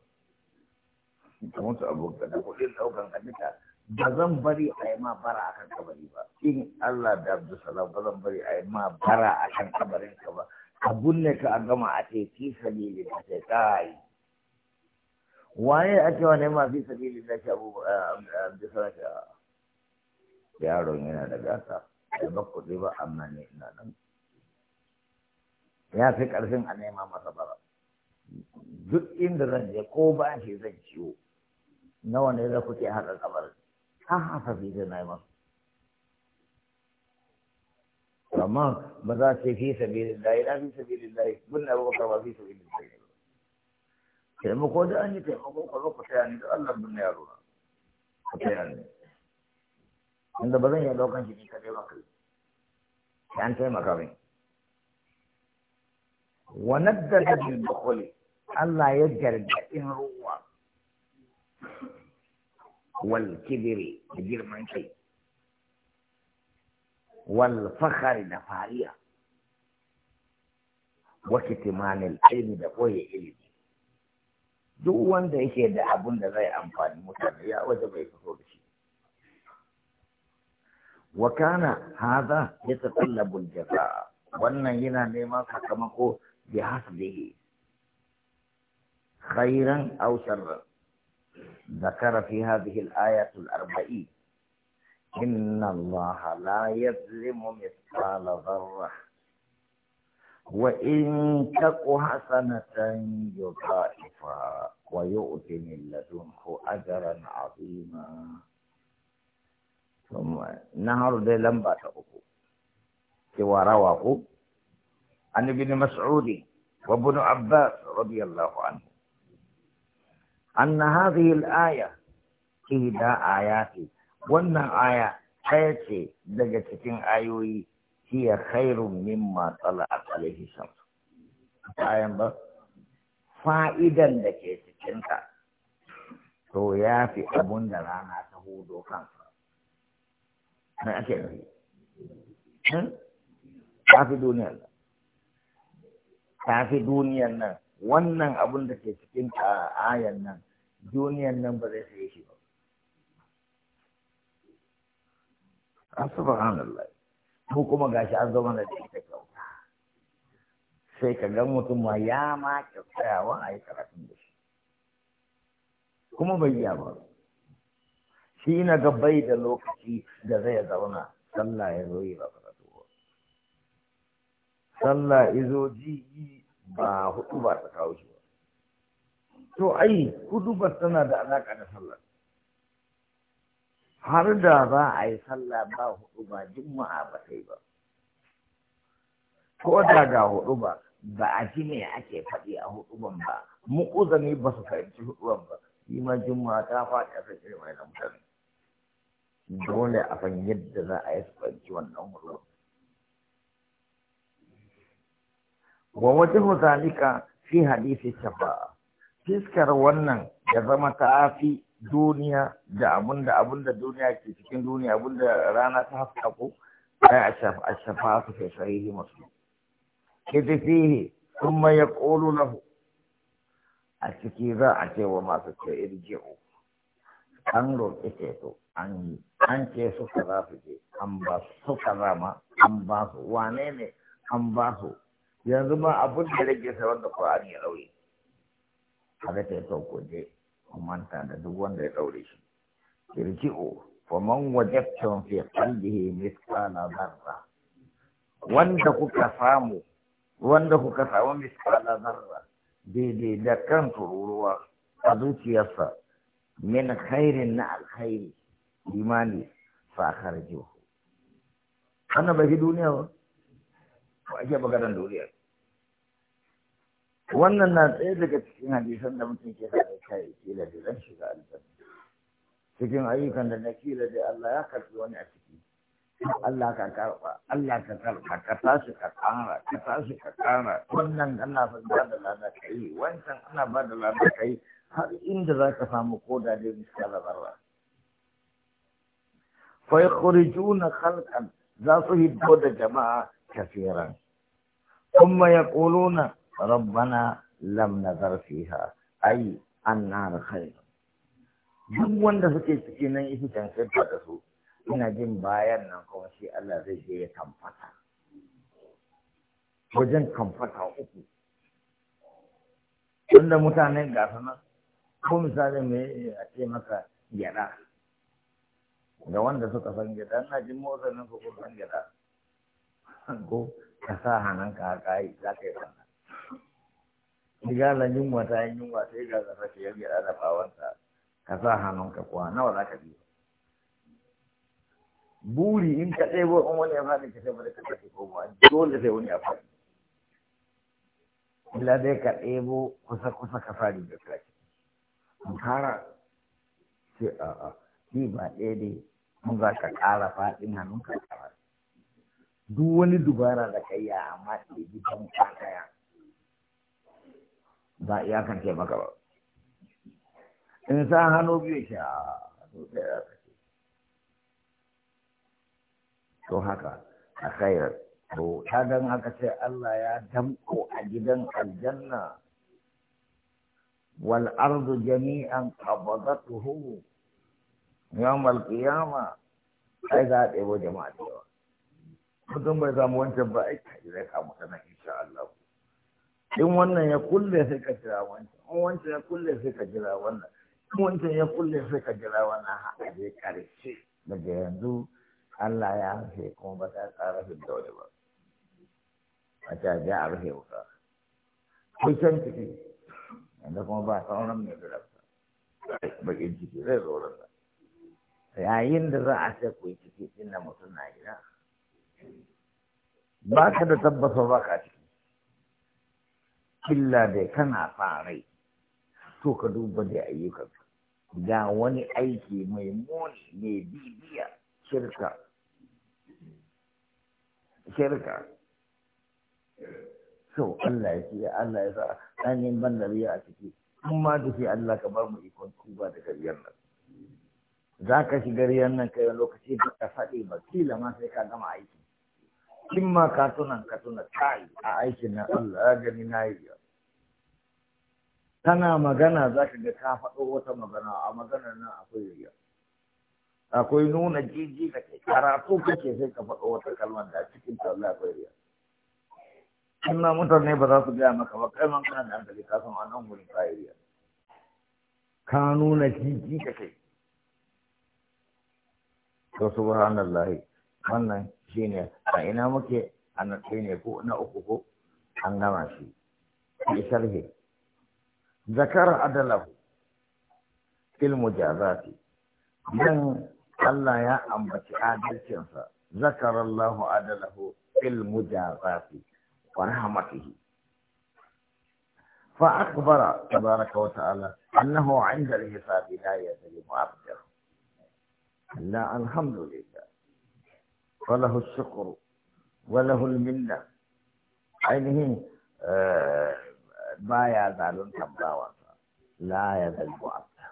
ka mutu abin ka da kuɗin ɗaukan ka duka ba zan bari a yi ma bara akan kabari ba in Allah da Salam ba zan bari a yi ma bara akan kabarin ka ba abun ne ka a gama a ce fi sabili da ce kai waye a cewa ne ma fi sabili da ce abu eh, Abdulsalam yaron yana da gasa ai ba kuɗi ba amma ne ina nan ya fi ƙarfin a nema masa bara duk inda zan je ko ba shi zan ciwo nawa ne za ku ke haɗa kabarin an hafa fi da naima amma ba za ce fi sabilin layi na fi sabilin layi mun na bakar ba fi sabilin layi taimako da an yi taimako ka zo ku taya ni da Allah bin ya na ku taya ni inda ba zan iya daukan shi ni ka ba kai sai an taimaka min wa naddada bil bukhli Allah ya gargadin ruwa wal kibiri da girman kai wal fakhari da fariya wa kitimanil ilmi da koye ilimi duk wanda yake da abun da zai amfani mutane ya waje bai fito da shi wa kana hadha yatatallabu al wannan yana neman sakamako bi hasbihi khairan aw sharran ذكر في هذه الآية الأربعين إن الله لا يظلم مثقال ذرة وإن تك حسنة يضاعفها ويؤتي من لدنه أجرا عظيما ثم نهر ذي لمبة أخو سوى رواه عن ابن مسعود وابن عباس رضي الله عنه أن هذه الآية دا آياتي وأن آية حياتي دقتين آيوي هي خير مما طلعت عليه الشمس آية بس فائدا لكي تكنت تو في أبون درانا تهودو كانت ما أكيد هي ما في دنيا ما في دنيا wannan abun da ke cikin a ayan nan duniyan nan ba zai saye shi ba a ah, subhanallah ko kuma gashi an zama da ita kyauta sai ka ga mutum ma ya ma kyautawa a yi karatun da shi kuma bai iya ba shi na ga bai da lokaci da zai zauna sallah ya zo yi ba karatu sallah izo ji ba hudu ba ta kawo shi ba to ai hudu ba tana da alaka da sallah har da za a yi sallah ba hudu ba juma'a ba sai ba ko da ga hudu ba ba a ji me ake faɗi a hudu ban ba mu ba su fahimci hudu ban ba Yi ma juma'a ta faɗi a kan mai wannan mutane dole a san yadda za a yi su fahimci wannan hudu wa wajhu zalika fi hadisi shafa'a fiskar wannan ya zama ta afi duniya da abunda abunda duniya ke cikin duniya abunda rana ta haska ko shafa su fi sahihi muslim kidi fihi thumma yaqulu lahu a ciki za a ce wa masu ce irji'u an roƙi to an yi an ce suka za su je an ba su suka zama an ba su wane ne an ba su yanzu ma abin da rage sa da Qur'ani ya daure haka ta yi ko je manta da duk wanda ya daure shi irji'u fa waje can fi qalbihi mithqala zarra wanda kuka samu wanda kuka samu mithqala zarra daidai da kan tururuwa a zuciyarsa min khairin na alkhairi imani fa kharjuhu ana bai duniya ba ko ake maganar duniya wannan na tsaye daga cikin hadisan da mutum ke da kai kila da zan shiga aljanna cikin ayyukan da na kila da Allah ya karbi wani a ciki Allah ka karɓa, Allah ka karɓa, ka tashi ka kara ka tashi ka kara wannan ana ba da lada kai wancan ana ba da lada kai har inda za ka samu koda da miskala zarra fa yukhrijuna khalqan za su hiddo da jama'a كثيرا ثم يقولون ربنا لم نذر فيها أي النار خير duk wanda suke ciki nan ita cancanta da su ina jin bayan nan kuma shi Allah zai je ya kamfata wajen kamfata uku tunda mutanen gasa nan ko misali mai a ce maka ga wanda suka san gyada ina jin motsa nan ko san gyada ko ka sa ka a kayi za ka yi wannan digalan yunwa ta yin yunwa sai ga zafa shi ya gida da bawansa ka sa ka kuwa nawa za ka biyo buri in ka ɗebo in wani ya faɗi ka sai bari ka ta ko ba dole sai wani ya faɗi illa dai ka ɗebo kusa kusa ka faɗi da ke. in fara sai a'a ni ba ɗaya dai mun za ka ƙara faɗin hannun ka ƙara. duk wani dubara da kai ya amma ɗaya gidan ɗaya ba iya kan ce maka ba in sa hannu biyu ah, shi a to haka a khairar to ta don haka sai Allah ya damko a gidan aljanna wal ardu jami'an qabadatuhu yawm al qiyamah sai za a ɗebo jama'a da yawa kudin bai zama wancan ba ai zai samu kana insha Allah in wannan ya kulle sai ka jira wancan in wancan ya kulle sai ka jira wannan in wancan ya kulle sai ka jira wannan har je karshe daga yanzu Allah ya rufe kuma ba ta tsara su da wani ba a ta ja a rufe wuta kai can ciki yanzu kuma ba sauran mai ba. bakin ciki zai zo rasa yayin da za a ce ku yi ciki inda mutum na gida ba ka da tabbasar ba ka ciki illa dai kana farai to ka duba da ayyukan ga wani aiki mai muni mai bibiya shirka shirka so Allah ya ce Allah ya sa ɗanin ban da a ciki Amma ma da shi Allah ka bar mu ikon tuba da gariyar nan za ka shiga gariyar nan kai lokaci da ka faɗi ba kila ma sai ka gama aiki in ma ka tuna ka tuna kai a aikin na Allah ya gani na yi kana magana za ka ga ka faɗo wata magana a maganar nan akwai riya akwai nuna jiji da ke karatu kake sai ka faɗo wata kalmar da cikin ta Allah akwai riya amma mutane ba za su gaya maka ba kai man kana da hankali ka san wannan gurin ka yi ka nuna jiji da kai to subhanallahi wannan shine a ina muke a na ne ko na uku ko an gama shi ya sharhi zakara adalahu fil mujazati dan Allah ya ambaci adalcinsa zakara Allah adalahu fil mujazati wa rahmatihi tabaraka wa ta'ala annahu 'inda al-hisabi la yadhlimu لا la alhamdulillah وله الشكر وله المنة عينه بايا آه، ذالون تباوة لا يزال عبده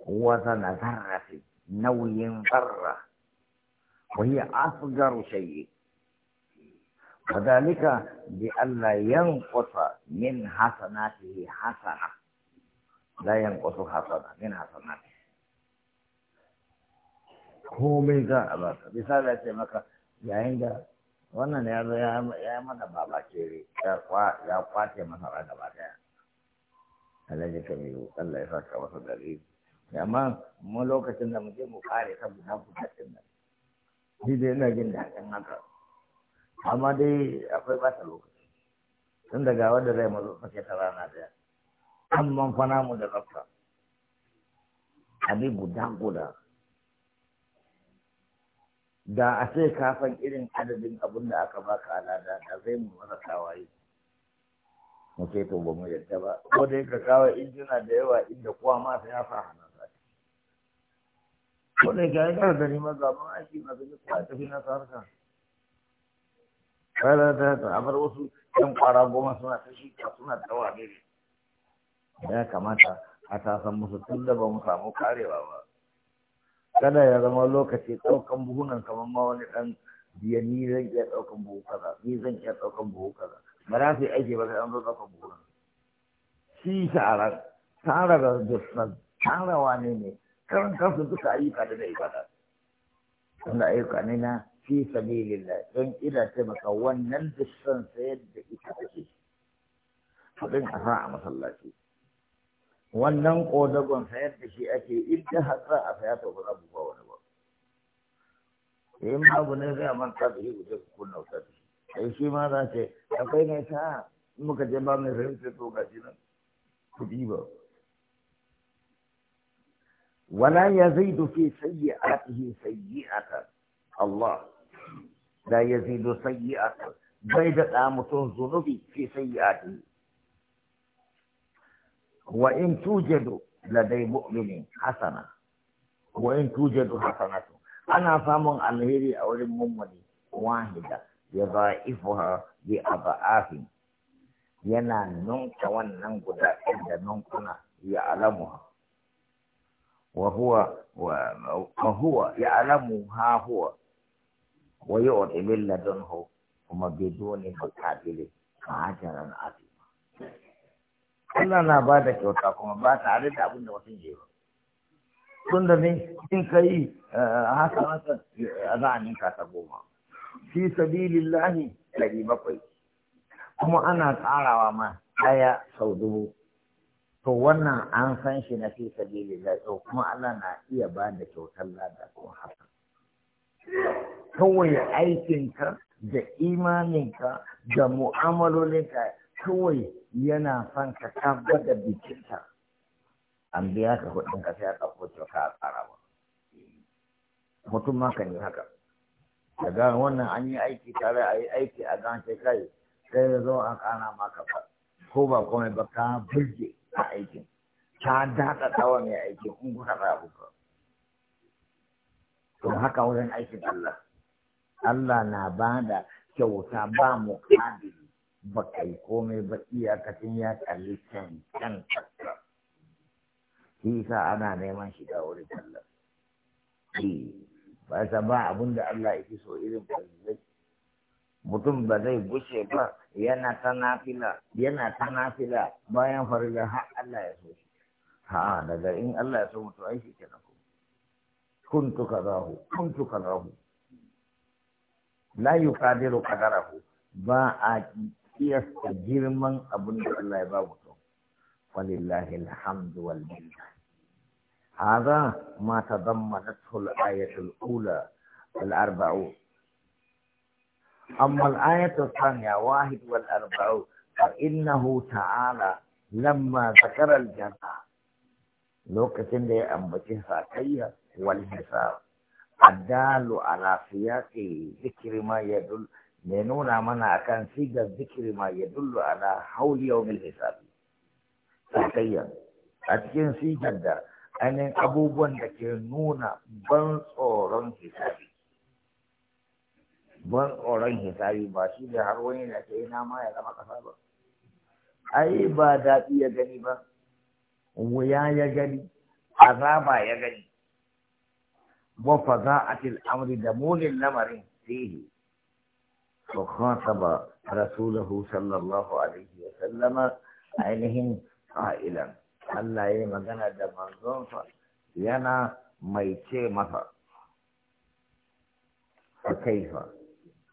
وزن ذرة نوي ذرة وهي أصغر شيء وذلك بألا ينقص من حسناته حسنة لا ينقص حسنة من حسناته komai za a baka misali ya ce maka yayin da wannan ya zo ya yi mana baba kere ya kwace masara gaba daya alhaji kamilu allah ya saka wasu dalili amma mu lokacin da muke mu kare kan mu ku kacin nan shi dai ina jin daɗin haka amma dai akwai ta lokaci tun daga wanda zai mazo fake ta rana daya amma manfana mu da tsafta abin guda guda da a ce kafan irin adadin abin da aka baka alada da zai mu masa tawaye mu sai to ba mu yadda ba ko dai ka kawo injina da yawa inda kowa ma sai ya fara hannun sa ko dai ka ga da ni maza aiki masu yi ka tafi na sarka kala ta ta amar wasu yan kwara goma suna ta shi suna tawa ne ya kamata a ta san musu tun da ba mu samu karewa ba kada ya zama lokaci ɗaukan buhunan kamar ma wani ɗan biya ni zan iya ɗaukan buhu kaza ni zan iya ɗaukan buhu kaza ba za su yi aiki ba sai an zo ɗaukan buhunan shi sharar tara da dusnan tara wane ne karan kansu duka ayyuka da na ibada wanda ayyuka ne na fi sabilillah don ina taimaka wannan dusnan sayar da ita ake kudin a sa a masallaci wannan ƙodagon sayar da shi ake inda hatsa a saya ta wani ba wani ba in babu ne zai manta da shi guje ku kunna wuta da shi sai shi ma za ce akwai mai sa muka je ba mai fahimta to ga shi nan kuɗi ba wala ya zai dufe sayyi'atihi sayyi'atan Allah da la a sayyi'atan bai da mutum zunubi fi sayyi'atihi wa in tujadu ladai mu'minin hasana wa in tujadu hasanatu ana samun alheri a wurin mummuni wahida ya za'ifuha bi aba'afin yana nunka wannan guda inda da nunkuna ya alamu wa wa huwa ya alamu ha huwa wa yu'ti min ladunhu kuma biduni mukabili na afi Allah na ba da kyauta kuma ba tare da abin da mutum ke ba tun da ne in ka yi eh, haka haka eh, a za'anin kasa goma fi lillahi ɗari bakwai kuma ana tsarawa ma ɗaya sau dubu to wannan an san shi na fi lillahi. to kuma Allah na iya ba da kyautar lada kuma haka kawai aikinka da imaninka da mu'amalolinka kawai yana son ka kafa da bikinta an biya ka kuɗin ka sai ka fito ka tsara ba mutum ma kan yi haka daga wannan an yi aiki tare a yi aiki a gan sai kai sai ya zo a kana maka ba ko ba komai ba ka burge a aikin ta daɗa tsawa mai aiki kun kuka rabu ka to haka wurin aikin Allah Allah na bada kyauta ba mu kadiri ba kai komai ba iyakacin ya kalli can can shi sa ana neman shiga wurin shi ba sa ba abin da Allah yake so irin farzai mutum ba zai gushe ba yana ta nafila yana ta nafila bayan farilla har Allah ya so shi ha daga in Allah ya so mutu ai shi kenan kuntu kadahu kuntu kadahu la yuqadiru qadarahu ba a kiyasta girman abin da Allah ya ba mutum alhamdu wal هذا ما تضمنته الآية الأولى الأربعون أما الآية الثانية واحد والأربعون فإنه تعالى لما ذكر الجنة كتن دي أمبتي ساكية والحساب الدال على سياق ذكر ما يدل mai nuna mana akan sigar zikiri ma ya dullu ala hauli yau mil hisabi a cikin sigar da ainihin abubuwan da ke nuna ban tsoron hisabi ban tsoron hisabi ba shi da har wani da ke na ma ya zama kasa ba ai ba daɗi ya gani ba wuya ya gani azaba ya gani wa faza'atil amri da munin lamarin fihi وخاطب رسوله صلى الله عليه وسلم ainihin قائلا Allah ya yi magana da manzonsa yana mai ce masa a kaifa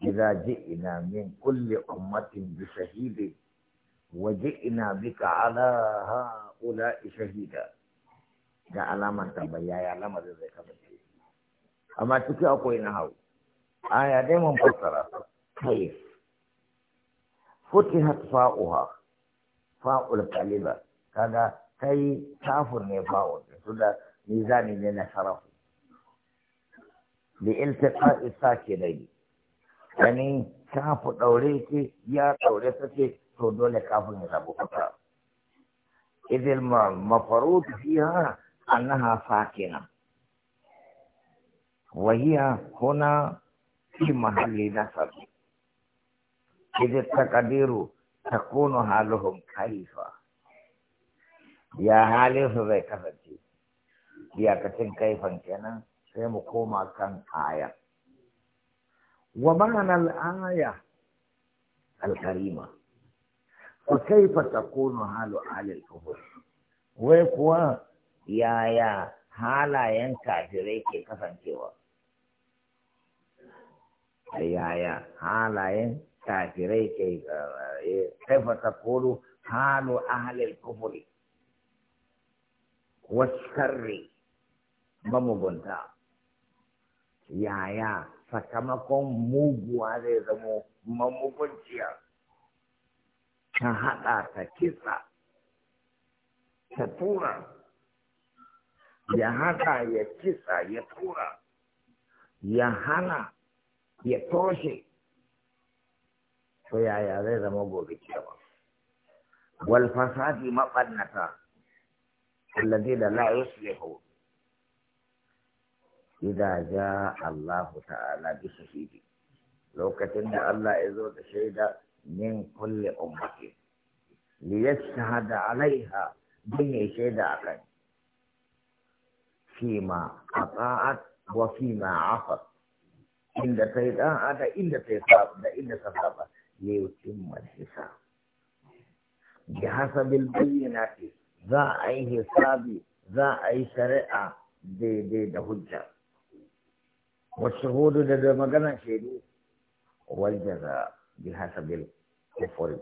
ji ina min kulle ummatin bi shahidi wa ji'na bika ala ha'ula'i shahida ga alamar tambaya ya lamarin zai kasance amma ciki akwai na hau A dai mun fassara كيف فتحت فاؤها فاء الكلمة كذا كي كافر فاء هذا ميزان لنا شرف لالتقاء الساكنين يعني كاف دوريك يا دوريتي تودول كاف نسبو كفر إذ المفروض فيها أنها ساكنة وهي هنا في محل نصر Ka ta ƙadiru ta kunu halohon Ya hali su zai kasance? Ya kacin ƙa'ifan kenan, sai mu koma kan ƙaya. Wa mahanar aya, Al-Kharima. Ku taifa ta halu alal ka hudu. Wai kuwa yaya halayen kafin ke ke kasankewa? Yaya halayen? kafirai ke eh, eh, kaifa taqulu halu ahli al-kufri washarri mamugunta yaya sakamakon muguwa zai zamo mamugunciya ta haɗa ta kisa ta tura ya haɗa ya kisa ya tura ya hana ya toshe to yaya zai zama gobe kiyama wal fasadi mabannata alladheena la yuslihu idza jaa Allah ta'ala bi shahidi lokacin da Allah ya zo da shaida min kulli ummati li yashhada alaiha din ya shaida akan fima ata'at wa ma afat inda ta yi da inda ta yi da inda ta saba ليتم الحساب بحسب البينة ذا اي حساب ذا اي شريعه دي دي دهجة والشهود ده ده مغنى شهده والجزاء بحسب الكفر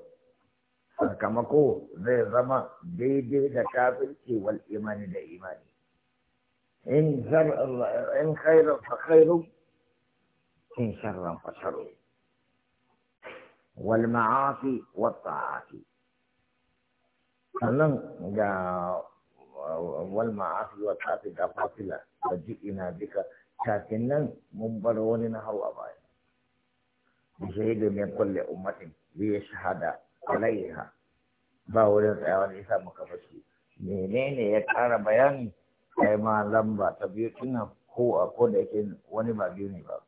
كما كو ذي زما دي دي ده كافر والإيمان ده إيماني إن, إن خير فخير إن شر فشر Walma'afi والطاعات sannan ga wal ma'afi wa da fatila da duka cakin nan mun bar wani na hau a baya shahidu min kulli ummatin bi shahada alaiha ba wurin tsayawa da yasa muka fashi menene ya kara bayani kai ma lamba ta biyu tunan ko a ko da yake wani ba biyu ne ba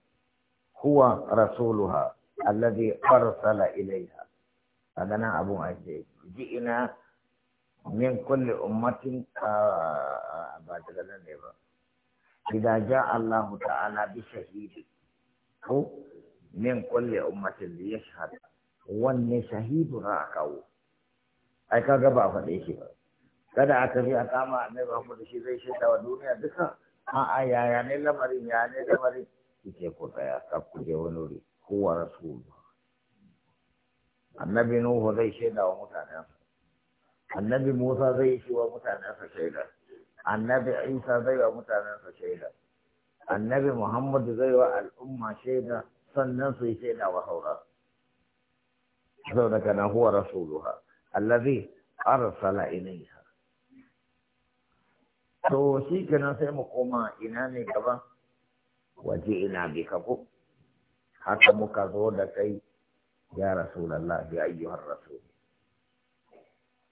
huwa rasuluha alladhi arsala ilaiha kaga nan abun aje ji'ina min kulli ummatin ba daga nan ne ba idan ja Allah ta'ala bi shahidi ko min kulli ummatin li yashhad wanne shahidu ra kawo ai kaga ba faɗe shi ba kada aka bi a kama annabi Muhammad shi zai shaida wa duniya duka a'a yaya ne lamarin ya ne lamarin kike ko tsaya ka kuje wani wuri هو رسول الله النبي نوح زي شهيدا ومتعنفه النبي موسى زي شهيدا ومتعنفه شهيدا النبي عيسى زي ومتعنفه شهيدا النبي محمد زي والأمة شهيدا صنصي شهيدا وحورا حسنا كان هو رسولها الذي أرسل إليها تو شيء كنا سيمقوما إناني كبا وجئنا بك فوق haka muka zo da kai ya rasulallah ya ayyuhar rasul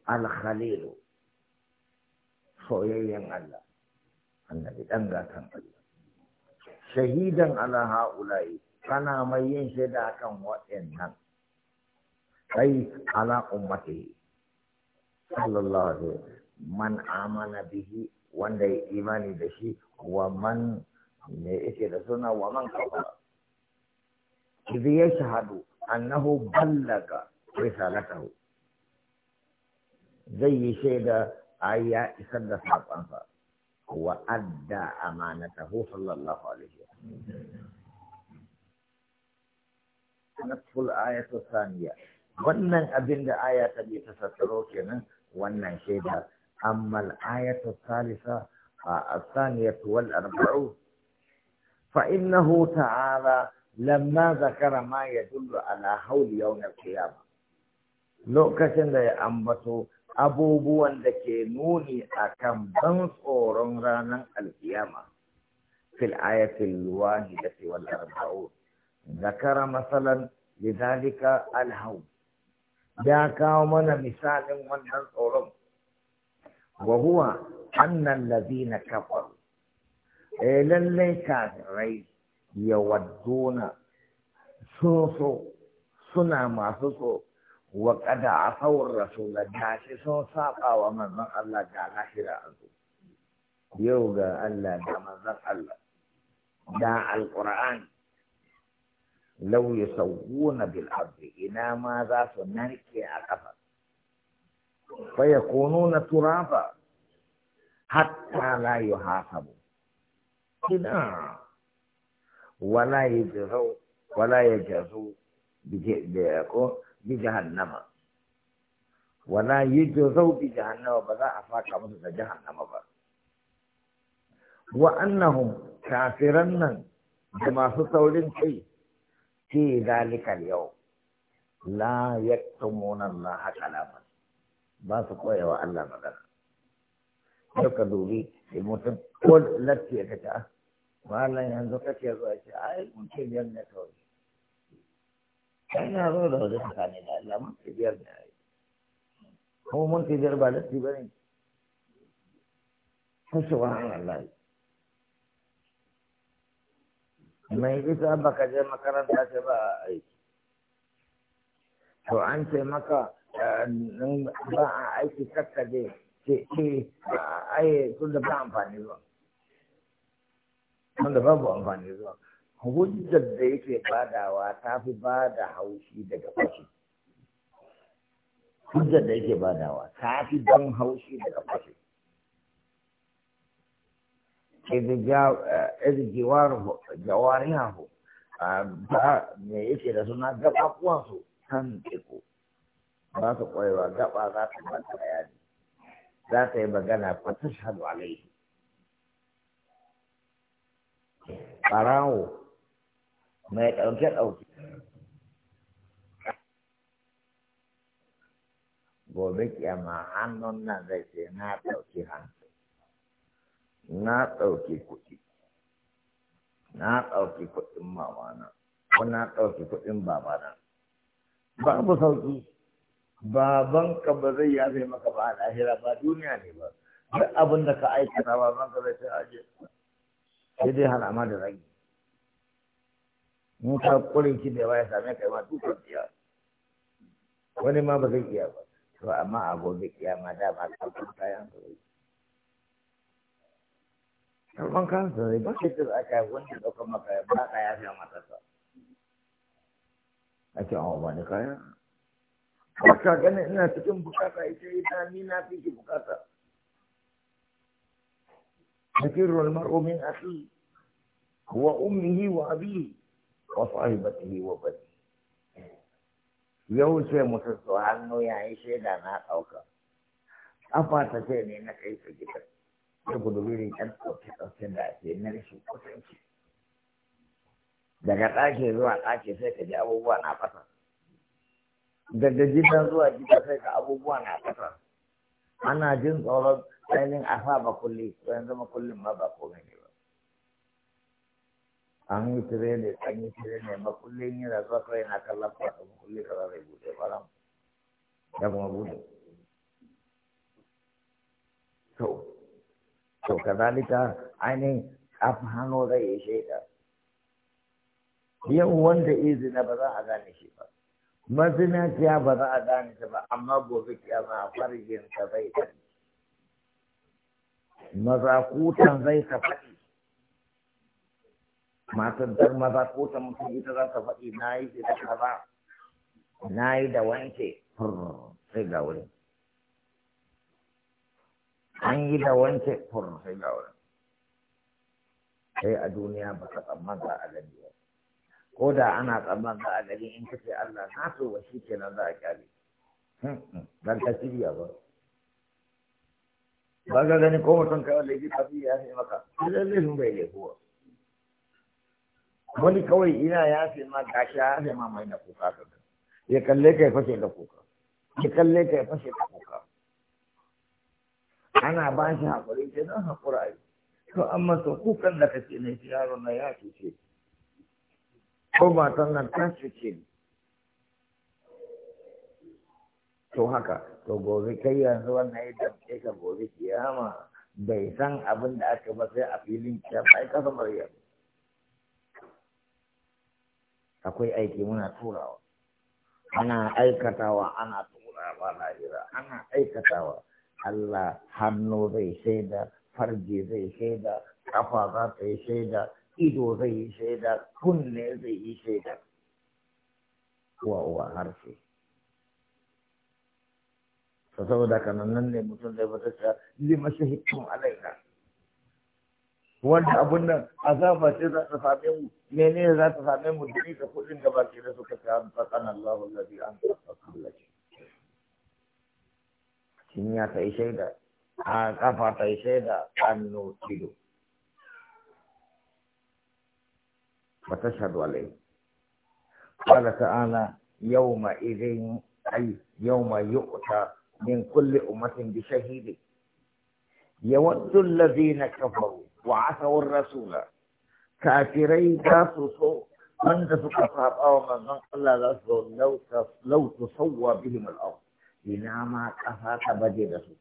al-khalilu soyayyen Allah annabi dan gatan Allah shahidan ala haula'i kana mai yin shaida kan waɗannan kai ala ummati sallallahu man amana bihi wanda ya imani da shi wa man ne yake da suna wa man kafara إذ يشهد أنه بلغ رسالته زي شهد آية إسد صعب أدى أمانته صلى الله عليه وسلم نصف الآية الثانية ونن abin da aya ta bi ونن tattaro kenan wannan shaida amma الثانية والأربعون فإنه تعالى lamma zakara ma ya dullu ala hauli na qiyamah lokacin da ya ambato abubuwan da ke nuni akan ban tsoron ranar alkiyama fil luwani da wal arba'un zakara masalan lidhalika al ya kawo mana misalin wannan tsoron wa huwa annan lazina kafaru eh lallai kafirai يودون سوسو سنا ما سوسو وقد عصوا الرسول جاش سو ساقا ومن من الله جاء لاحرا يوغا الله دا مزر الله داع القرآن لو يسوون بالعرض إنا ماذا ذا سنركي أقفا فيكونون ترابا حتى لا يحاسبوا إنا wala ya jazo wala ya jazo bi hannama. wala ya jazo bi hannama, ba za a saka musu da hannama ba wa annahum kafiran nan da masu saurin kai fi zalika yau la na Allah kalaman ba su koya wa Allah magana yau ka dubi sai mutum ko lafiya ka ta'a. malam yanzu kake zuwa ce yi mutum biyar ne kawai na zo da wajen tsakani da Allah mutum biyar ne a yi." kuma mutum biyar ba latti ba ne kashe wahan Allah mai isa baka je makaranta ce ba a aiki to an ce maka eh, ba a aiki kakka je ce ce ai tun da ba amfani ba wanda babu amfani zuwa hujjar da yake badawa ta fi ba da haushi daga fashi hujjar da yake badawa ta fi ban haushi daga fashi idan jawarihahu ba me yake da suna gaba su kan teku ba su kwaiwa gaba za su ba bayani za ta yi magana fatashalu alaihi ɓarawo mai ɗauke-ɗauke gobe kyama hannun nan zai ce na ɗauki hannu na ɗauki kuɗi na ɗauki kuɗin mamana ko na ɗauki kuɗin babana babu Baban ka ba zai yafe maka ba a lahira ba duniya ne ba duk abin da ka aikata babanka zai ce aje sai dai harama da zagi in ka kure shi da ya same kai ma dukkan tsiya wani ma ba zai iya ba to amma a gobe kiyama da ma karfin kayan su zai karfin kayan su zai ba shi da aka yi wanda ɗaukar maka ya ba ya fiye sa. a ce an oh, wani kaya ba ka gani ina cikin bukata ita ita ni na fi shi bukata يفر المرء من أخيه وأمه وأبيه وصاحبته وبنيه yau ce mutum su hannu ya yi shaida na ɗauka kafa ta ce ne na kai ka gida ya gudu wuri ɗan ɗauke ɗauke da ake na rashin kusanci daga ɗaki zuwa ɗaki sai ka ji abubuwa na fasa daga gidan zuwa gida sai ka abubuwa na fasa ana jin tsoron ainihin a sa ba kulli to zama ma kullum ma ba komai ne ba an yi tire ne an yi tire ne ma kullum yi zuwa kawai na kallon ba ta kulli kaza zai bude faram ya kuma bude to to kazalika ainihin kafin hannu zai yi shaida yau wanda izina ba za a gane shi ba kiya ba za a gane ta ba amma gobe kiyama a farjin ta zai maza mazakutan zai ka faɗi matan dar mazakutan mutum ita za ta faɗi na yi da kaza na yi da wanke sai ga wurin an yi da wanke sai ga wurin sai a duniya ba ka tsamman za a gani ba ko da ana tsamman za a gani in ce Allah na so wa shi nan za a kyale dan hmm, hmm. ka shirya ba ba ga gani ko mutum kawai laifi kafi ya fi maka idan laifin bai ba. wani kawai ina ya fi ma gashi ya fi ma mai na kuka ka ya kalle ka ya fashe da kuka ya kalle ka ya fashe da kuka ana ba shi haƙuri ke don haƙura yi to amma to kukan da ce ne yaron na ya cuce ko matan nan ta ce to haka to gobe kai yanzu wannan ya damce ka gobe kiyama bai san abin da aka ba sai a filin kiyama ai kasa maryam akwai aiki muna turawa ana aikatawa ana turawa jira ana aikatawa Allah hannu zai shaida farji zai shaida kafa za ta yi shaida ido zai yi shaida kunne zai yi shaida wa uwa harshe ta saboda kanan nan ne mutum zai fata ta zai mashi hikkin alaika wanda abun nan azaba ce za ta same mu menene za ta same mu dani da kudin da baki da suka ta an fakan Allahu allazi an fakan shin ya ta yi shaida a kafa ta yi shaida an no ido وتشهد عليه قال تعالى يومئذ أي يوم يؤتى من كل أمة بشهيد يود الذين كفروا وعثوا الرسول كافري كافروا من تسوك تسقط أو من من قال الله لو لو تصوى بهم الأرض ina ma ƙasa رسول baje da su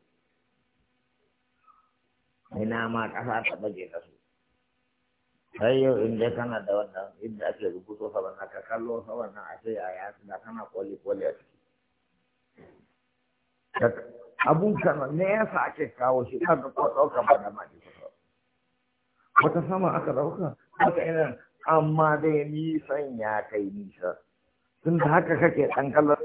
رسول har yau in dai kana da wannan inda ake rubuto wannan, ka kallo saban wannan, a sai a yasu da kana kwali kwali a ciki abun kana ne ya sa ake kawo shi kaga ko ɗauka ba da ma ji wata sama aka ɗauka aka yi nan, amma dai nisan ya kai nisa tun da haka kake ɗan kallon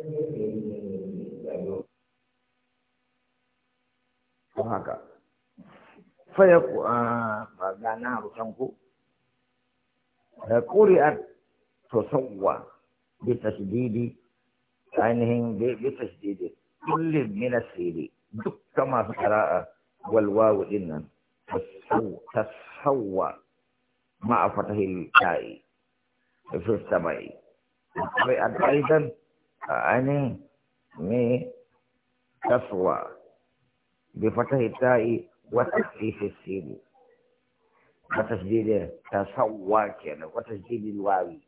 haka fa ya ku ah, ba gana harusan ku Eh, ƙuri'ar tusawwa bi tasdidi ainihin bi tasdidi kulli min asiri masu qira'a wal wawu din nan tasawwa ma fatahil ta'i fi samai ƙuri'ar aidan ainihin me taswa bi ta'i kwatas jidiyar ta sauwa ke na kwatas wawi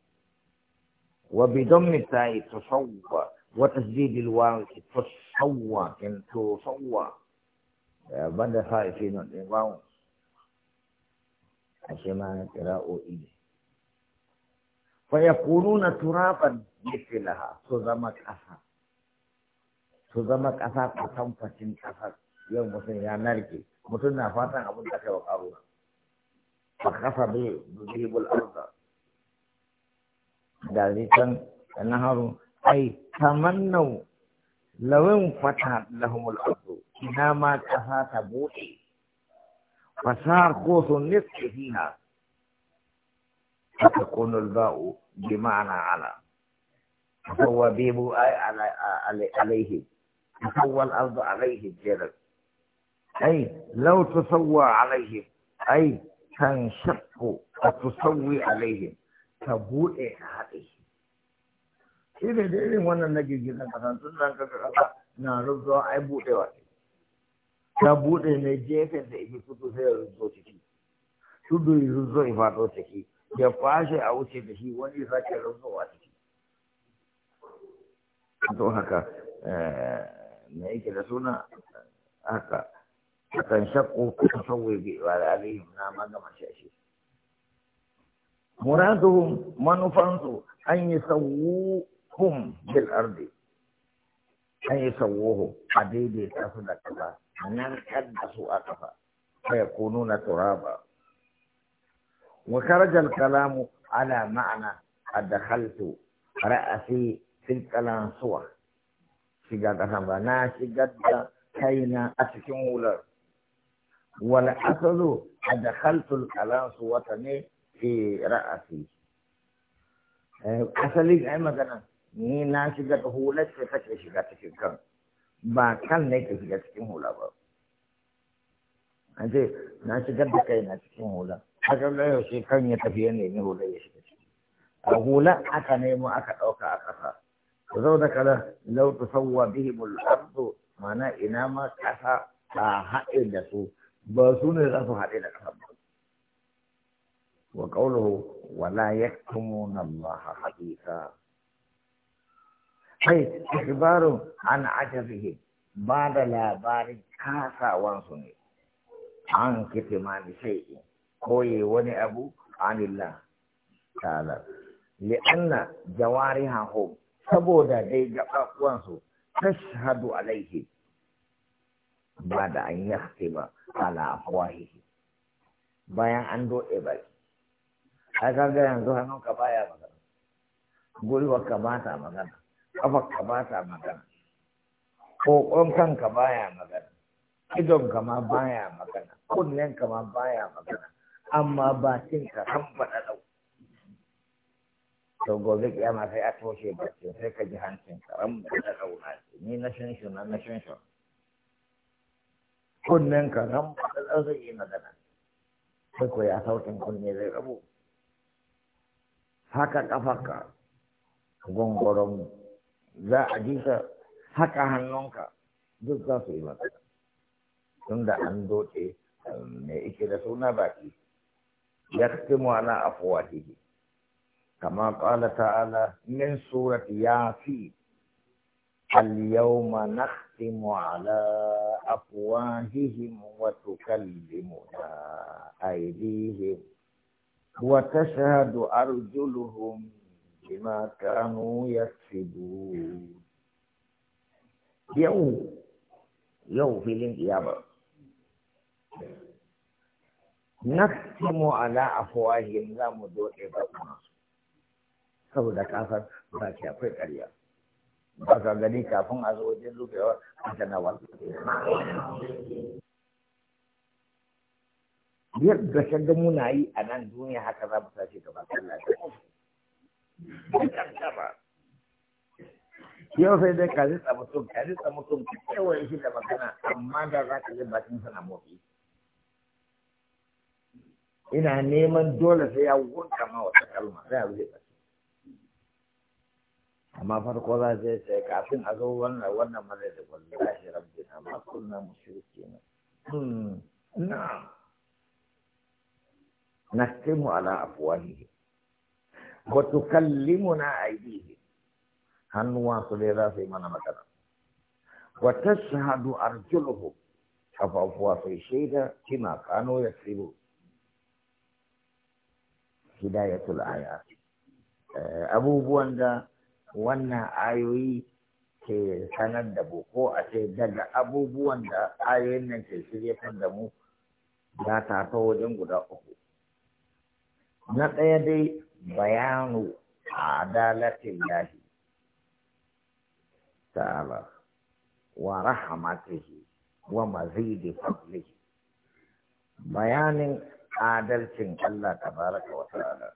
wa bi don misali ta sauwa kwatas jidiyar wawi ke ta sauwa ke na ta ya banda haifi na ɗin wawo a ṣe ma na ƙira o'i kwaya kuru turafan nifila ha to zama ƙasa to zama ƙasa ko kamfacin ƙasa yau mutum ya narke mutum na fatan abin da ka yi wa ƙaruna فخف بهم الأرض ذلك النهر أي تمنوا لو انفتحت لهم الأرض إذا ما كفى تبوحي فصار قوس النصف فيها فتكون الباء بمعنى على فهو بيبو أي على علي عليه تسوى الأرض عليه الجلد أي لو تسوى عليه أي kan shakku a tusawwi alaihim ta buɗe a haɗe shi ne da irin wannan na gigina kasan tun nan ka ƙasa na rubuwa ai buɗewa ce ta buɗe ne gefen da ibi fito sai ya ciki tudu ya rubuwa ya fato ciki ya fashe a wuce da shi wani sake rubuwa ciki to haka eh, me yake da suna haka sukan shakko kuma sauwe bi wa alaihim na magama shi shi manufansu an yi sawuhum bil ardi an a daidai kasu da kasa nan kadda su a kasa kai kunu na turaba wa karajal mu ana ma'ana a adakhaltu ra'asi fil kalansuwa shiga kasa ba na shigar da kaina a cikin hular wal asalu adkhaltu al wata ne fi ra'asi eh, asali ai magana ni na shiga da hular ce take shiga cikin kan ba kan ne ke shiga cikin hula ba an ce na shigar da kai na cikin hula haka da yaushe kan ya tafi ne ne hula ya shiga ciki a hula aka nemo aka ɗauka a ƙasa ku zau da kala lau tusawwa bihimul ardu mana ina ma ƙasa ta haɗe da su ba su ne za su haɗe da ƙasa ba wa ƙaunar wala ya kumu na maha haƙiƙa ai ikibarin an ajabihi ba da labarin kasawansu ne an kiti ma ni koye wani abu anillah ta'ala li'anna jawarihahum saboda dai gaɓaɓuwansu tashhadu alaihi ba da an yi ba ala afwahihi bayan an doɗe ba ai kaga yanzu hannunka baya magana ka ba ta magana ka ba ta magana kan ka baya magana ka ma baya magana ka ma baya magana amma bakinka san faɗa ɗau to gobe kiyama sai a toshe bakin sai ka ji hancin karam da ɗau na ni na shinshina na shinshina kunnen ka nan ba zai yi magana sai ko ya sautin kunne zai rabu haka kafarka gongoron za a ji ka haka hannunka duk za su yi magana tun da an doce mai ike da suna baki ya kasimu a afuwatihi kama qala ta'ala min surat yafi al-yawma nakhtimu ala أفواههم وتكلمنا أيديهم وتشهد أرجلهم بما كانوا يكسبون يوم يوم في الانقيابة نختم على أفواههم لا مدوء بطنا saboda kasar ba ke akwai ƙarya ba gani kafin a zo wajen rufewa a tanawar yadda shaga muna yi a nan duniya haka za mu sace gaba lafiya. yau sai dai ka ritsa mutum ka ritsa mutum ka kewaye shi da magana amma da za ka yi bakin sana motsi ina neman dole sai ya wurka ma wata kalma sai a rufe amma farko za ta sai kafin a zo wannan wannan mara da wallahi rabbi na ma kunna mushriki na hmm, na nastimu ala afwahihi wa tukallimuna aydihi hannuwa su dai za su yi mana magana wa tashhadu arjuluhu kafafuwa sai shaida kina kano ya tsibo hidayatul ayat eh, abubuwan da wannan ayoyi ke sanar da mu ko a ce daga abubuwan da ayoyin nan ke shiryatar da mu ya tafi wajen guda uku na ɗaya dai bayanu adalatin lahi ta'ala wa rahamatihi wa mazidi fadlihi bayanin adalcin Allah tabaraka wa ta'ala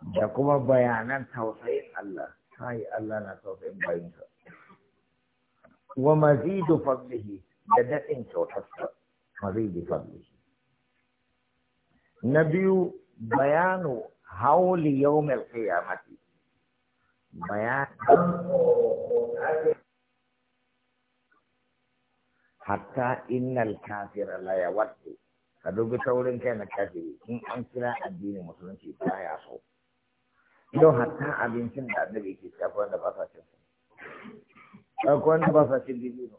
da kuma bayanan tausayin Allah kai Allah na tausayin bayinsa wa mazidu fadlihi da daɗin kyautarsa mazidu fadlihi na biyu bayanu hauli yawmil qiyamati bayan hatta innal kafira la yawaddu ka dubi taurin kai na kafiri in an kira addinin musulunci baya so yau hatta abincin da annabi ke ci akwai wanda ba sa cin akwai wanda ba sa cin dibino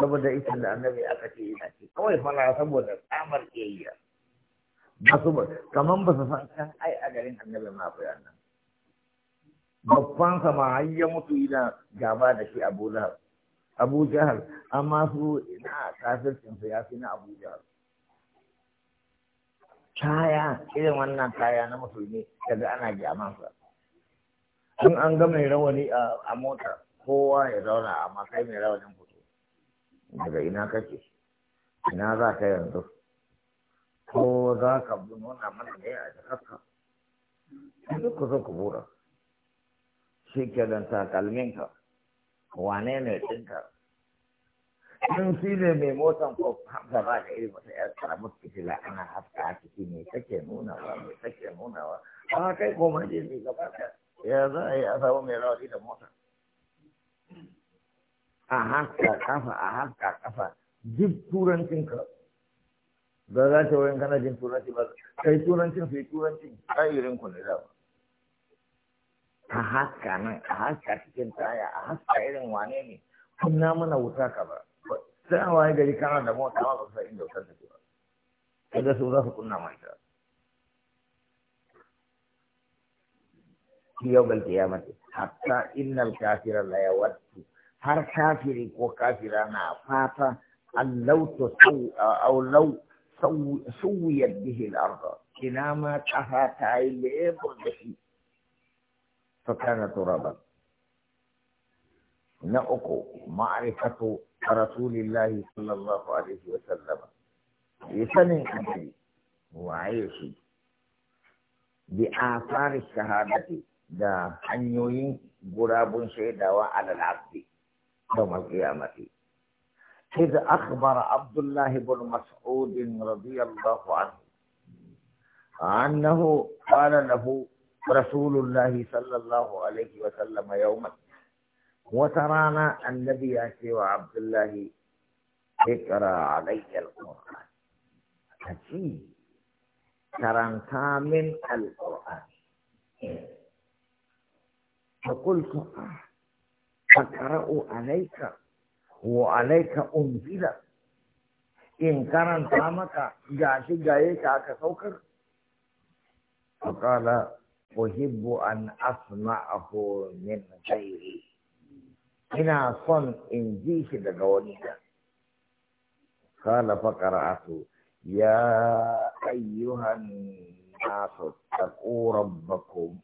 saboda isin da annabi aka ce yana ci kawai fara saboda tsamar kiyayya ba su ba kaman ba su san kan ai a garin annabi ma akwai annan babban sama har ya mutu ina gaba da shi abu lahar jahal amma su ina kafircin su ya fi na abu jahal kaya irin wannan kaya na musulmi daga ana masa. in an ga mai rawani a mota kowa ya zauna amma kai mai rawanin fito daga ina kake ina za ka yanzu ko za ka nuna mana ne a jikarka duk ku zo ku bura shi ke don takalminka wane ne ɗinka in shi ne mai motan ko gaba da irin wata yar karamar fitila ana haska a ciki mai take nunawa mai take nunawa A kai koma je ne gaba da ya za a yi a samu mai rawari da motan? a haska kafa a haska kafa duk turancin ka ba za ta wurin kana jin turanci ba kai turancin su yi turancin ƙayirin ku ne dama a haska nan a haska cikin taya a haska irin wane ne na mana wuta ka ba sai a waye gari kana da mota ba su sa'in da wutar take ba kaga su za su kunna ma ita shi yau gal kiyamati hatta innal kafira la yawaddu har kafiri ko kafira na fata allau tasawu aw law suwiyat bihi al-ardh ina ma kafa ta yi lebur da shi fakana turaban na uku ma'arifatu رسول الله صلى الله عليه وسلم يسني النبي وعيشي بآثار الشهادة دا حنيوين قراب شهدوا على العبد يوم القيامة إذ أخبر عبد الله بن مسعود رضي الله عنه أنه قال له رسول الله صلى الله عليه وسلم يوما wata rana annabi ya ce wa abdullahi ikra alayya alquran kaci karanta min alquran فقلت أقرأ عليك وعليك أنزل in karanta maka gashi gaye ka aka saukar faƙala uhibbu an asma'ahu min ghairi ina son in ji shi daga wani da kala faqara'atu ya ayyuhan nasu taqu rabbakum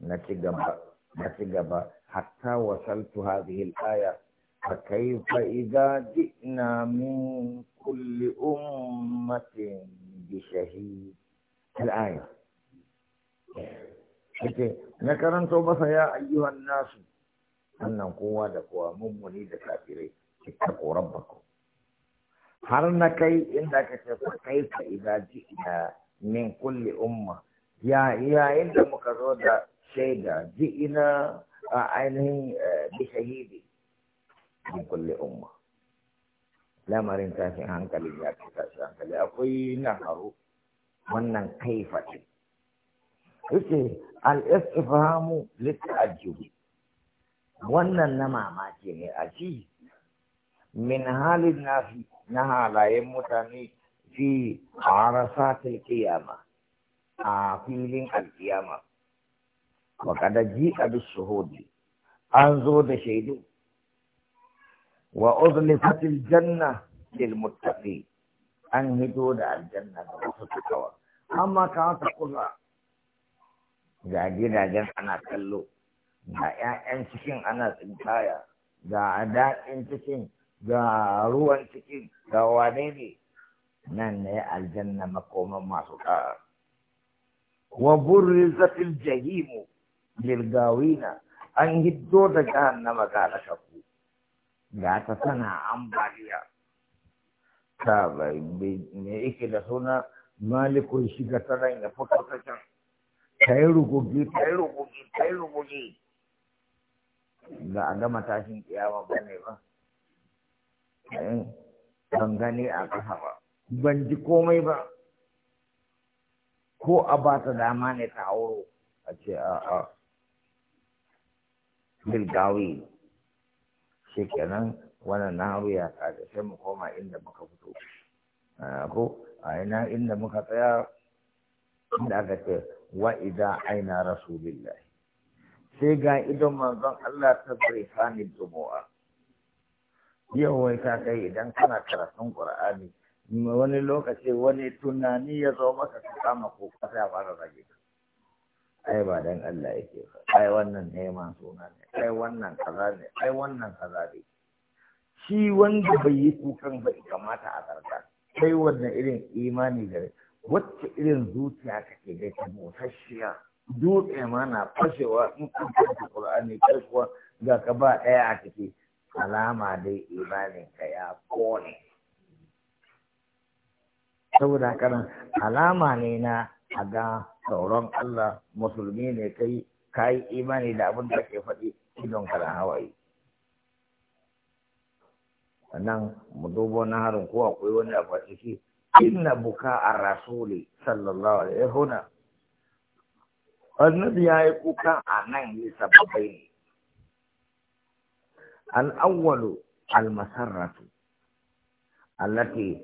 na ci gaba na ci gaba hatta wasaltu hadhihi al-aya فكيف إذا جئنا من كل أمة بشهيد الآية نكرن توبة يا أيها الناس wannan kowa da kowa mummuni da kafirai ki koran bako har na kai inda ka ce ku kai ka ji ina min kulli umma ya yayin da muka zo da shaida ji ina a ainihin eh, bi shahidi min kulli umma lamarin tashin hankali ya fi tashin hankali akwai na haru wannan kai kaifa ce yake al-istifhamu lit-ta'ajjubi wannan na mamaki ne a ci min halin nafi na halayen mutane fi arasatil kiyama a filin alkiyama wa kada ji shuhudi an zo da shaidu wa uzlifatil janna lil an hito da aljanna ga wasu tukawa amma ka ta kula ga gidajen ana kallo ga 'ya'yan cikin ana tsinkaya ga daɗin cikin ga ruwan cikin ga wane ne nan ne aljanna makoman masu ƙara wa zafin jahimu lilgawina an hiddo da jahannama ga lakaku ga ta sana ambaliya ta bai me yake da suna malikun shiga ta nan ya fito ta can ta yi rugugi ta yi rugugi ta yi rugugi ba a gama tashin kiyama ba ne ba eh, ban gani a ƙasa ba ban ji komai ba ko a ba ta dama ne ta hauro a ce a a bilgawi shi kenan wannan na haru ya sai mu koma inda muka fito ko a ina inda muka tsaya inda aka ce wa idan aina rasulillahi sai ga idon manzon Allah ta sani jumu'a yau wai ka kai idan kana karatun Qur'ani wani lokaci wani tunani ya zo maka ka kama ko ka ta fara rage ai ba dan Allah yake ba ai wannan neman suna ne ai wannan kaza ne ai wannan kaza ne shi wanda bai yi kukan ba kamata a zarga sai wannan irin imani da wacce irin zuciya kake da ta motasshiya dutse ma na fashewa in an kanta ƙulani kai ga ka ba ɗaya a ciki alama dai imanin ka ya kone saboda karan alama ne na a ga sauran Allah musulmi ne kai yi imani da abin da ke faɗi idon ka da hawaye sannan mu dubo na harin ko akwai wani abu a ciki inna buka a rasuli sallallahu alaihi wa sallam. annabi ya yi kuka a nan yi sababai ne al'awwalu al-masarratu allati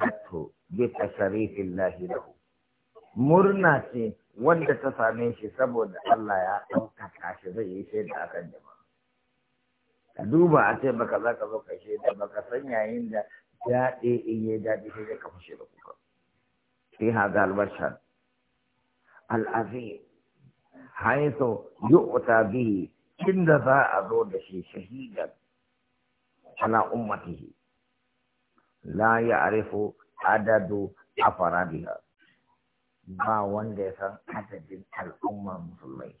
datto bi tasarifin lahirahu murna ce wanda ta same shi saboda Allah ya ɗaukaka shi zai yi shaida a jama'a. Ka duba a ce baka za ka zo ka da baka san yayin da daɗe in yi daɗi sai ka fushe da kuka. Sai haza albashar. Al'azim haiso yu'ta bihi inda za a zo da shi shahidan ana ummatihi la ya'rifu adadu afaradiha ba wanda ya san adadin al'ummar musulmai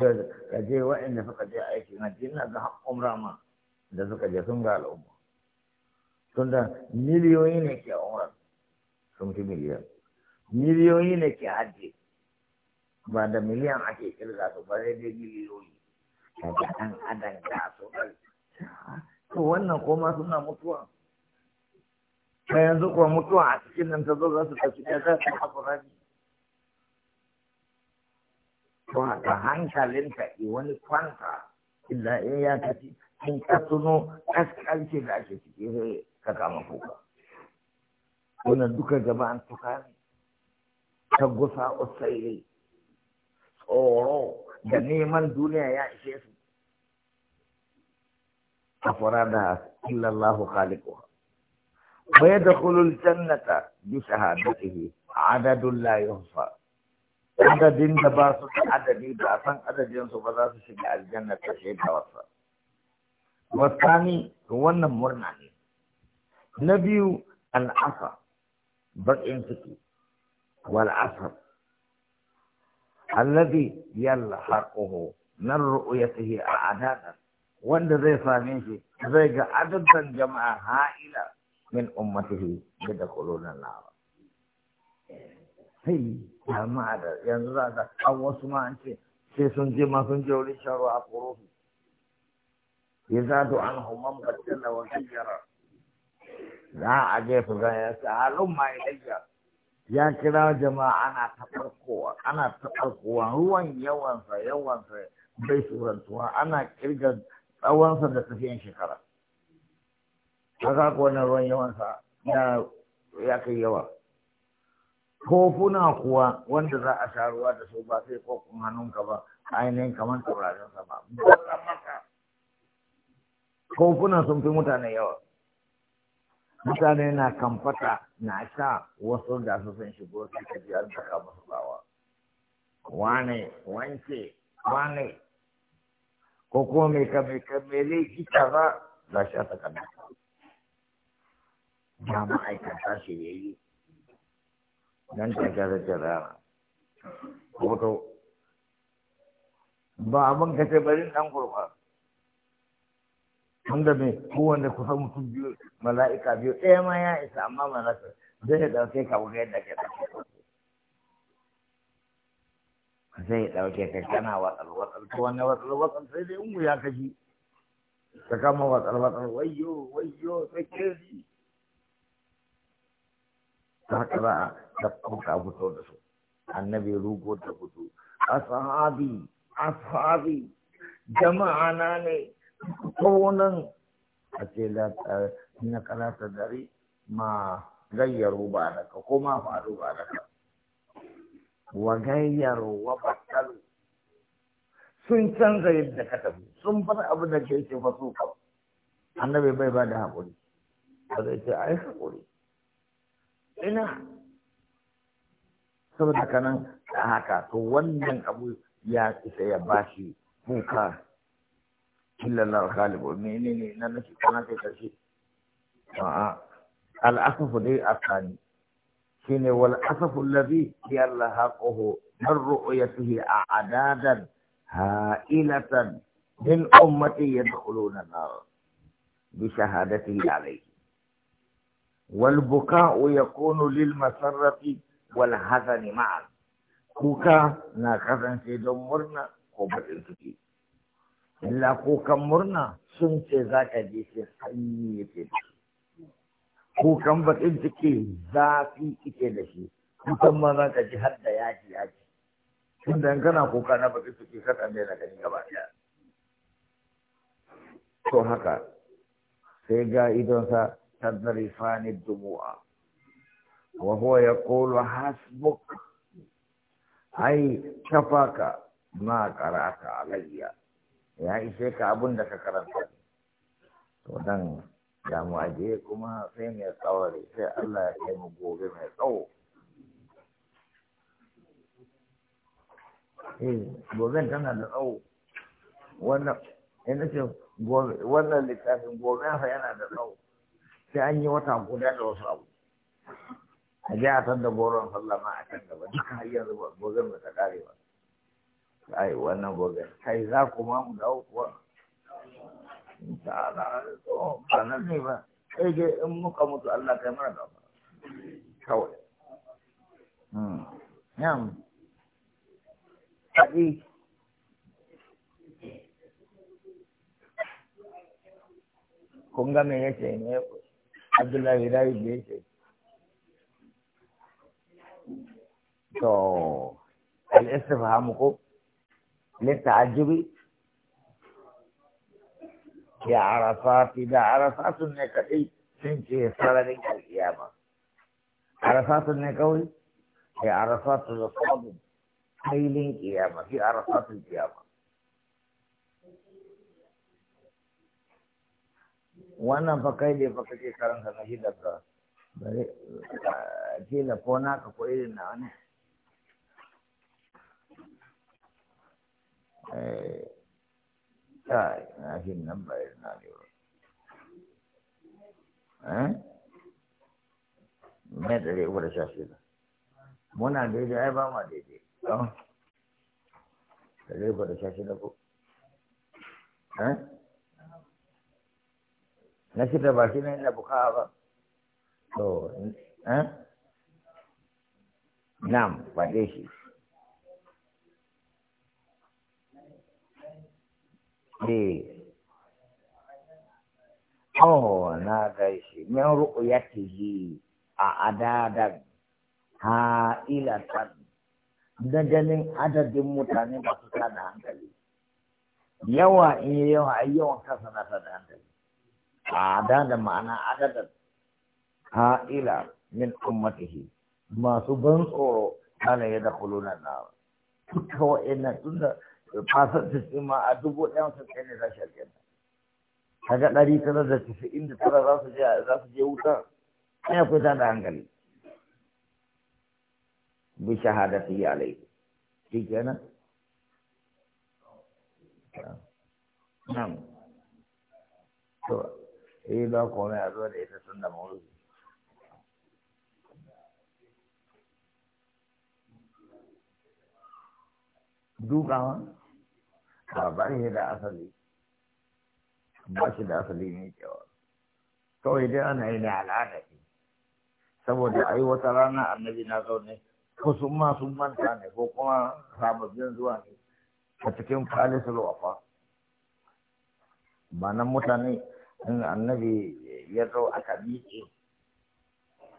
ka je waɗanda suka je aiki na jinna ga umra ma da suka je sun ga al'umma tunda miliyoyi ne ke umra sun fi miliyan miliyoyi ne ke hajji ba da miliyan ake kirga su ba sai dai miliyoyi daga an adan ga su to wannan koma suna mutuwa ta yanzu ko mutuwa a cikin nan ta zo za su tafi da za su haƙura ne to hankalin ta i wani kwanta illa in ya tafi in ka tuno ƙasƙarce da ake ciki sai ka kama kuka wannan duka jama'an tuka ne ta gusa usairai tsoro da neman duniya ya ishe su fara da illallahu khaliquha wa yadkhulul jannata bi shahadatihi adadun la yuhsa adadin da ba su da adadi ba san adadin su ba za su shiga aljanna ta da wasa wasani wannan murna ne na biyu al'asa bakin ciki wal asar alladhi yalhaquhu min ru'yatihi a'dada wanda zai same shi zai ga adadin jama'a ha'ila min ummatihi da kulunan nawa sai jama'a da yanzu za ka an wasu ma an ce sai sun je ma sun je wurin sharo a kurofi ya za to an human battala da gayyara za a je su ga ya sa halun ma ya ya kira jama'a ana taɓarkowa ana taɓarkowa ruwan yawansa yawansa bai surantuwa ana kirga tsawonsa da tafiyan shekara haka ko na ruwan yawansa ya kai yawa kofuna kuwa wanda za a sha ruwa da su ba sai kokun hannunka ba ainihin kamar taurarin sama ba maka kofuna sun fi mutane yawa mutane na kamfata na sha wasu da su sun shigo su ka ji an saka musu bawa wane wance wane ko kuma mai ka mai ka mai laifi kaza za shi ta kana ya ma'aikata shi ya yi nan ta ta jirara hoto ba abin ka ce bari dan kurba wanda mai kowanne kusan mutum biyu mala'ika biyu ɗaya ma ya isa amma mala'ika zai ya ɗauke ka wuga yadda ke ɗauke zai ya ɗauke ka kana watsal watsal ko wani watsal watsal sai dai ungu ya kashi ka kama watsal watsal wayyo wayyo tsakiyar ji ta haka za a ɗauko ka fito da su annabi rugo ta fito ashabi ashabi jama'a na ne ko nan a ce na kanata dare ma gayyaru ba da ka ko ma faru ba da ka wa gayyaru wa battalu sun canza yadda ka tafi sun bar abin da ke ce fasu ka annabi bai ba da haƙuri ba zai ce ai haƙuri ina saboda kanan da haka to wannan abu ya isa ya bashi kuka إلا الله الخالق منين أنا كنا في كشي آه الأسف لي أثاني كيني والأسف الذي يلحقه من رؤيته أعدادا هائلة من أمتي يدخلون النار بشهادته عليه والبكاء يكون للمسرة والحزن معا كوكا ناقصا سيدون مرنا قبل الكتير illa kukan murna sun ce za ka je shi sanyi yake da kukan bakin ciki zafi ike da shi kukan ma za ka ji har da yaji yaji tunda in kana kuka na bakin ciki ka ne na gani gaba ɗaya to haka sai ga idon idonsa fani dubuwa. wa huwa yaqulu hasbuk ai kafaka ma qara'ata alayya ya ishe ka abin da ka karanta to dan ya mu aje kuma sai mai tsawari sai Allah ya kai mu gobe mai tsawo eh goben tana da tsawo wannan ce wannan littafin goben fa yana da tsawo sai an yi wata guda da wasu abu a ji a da goron sallama a can gaba duka har yanzu goben ba ta kare ba ai wannan gobe kai za ku ma mu dawo kuwa ta na so. ba nan ne ba kai dai in muka mutu Allah kai mana gaba kawai hmm yam hadi kun ga me yake ne Abdullahi Rabi da yace to al-istifham ko للتعجب يا عرفات إذا عرفات النكوي تنتهي صلاة القيامة عرفات النكوي هي عرفات الصادم حيل القيامة في عرفات القيامة وانا fa kai ne fa kake karanta na hidarka bari kila ko na shi nan ba na ba muna daidai ai ba ma daidai ko na ba shi ba to eh nam faɗe shi ce eh. oh na gaishe min ji a adadan ha san da ganin adadin mutane ba su da hankali yawa in yi yawa a yawan kasa na da hankali a adadan ma'ana adadan ha ila min ummatihi masu ban tsoro kana ya da kulunan na duka wa'annan tunda fasar ma a dubu ɗaya mutum ɗaya ne za shi aljanna kaga ɗari tara da casa'in da tara za su je za su je wuta ai akwai ta da hankali bi shahadati alaihi shi kenan na'am to eh ba komai a zo da ita sunna mawlidi dukawa ba ba shi da asali ba shi da asali ne cewa kawai dai ana yi ne al'ada ne. saboda ayi wata rana annabi na zaune ko sun ma sun manta ne ko kuma sababbin zuwa ne a cikin kalisul wafa ba nan mutane in annabi ya zo aka miƙe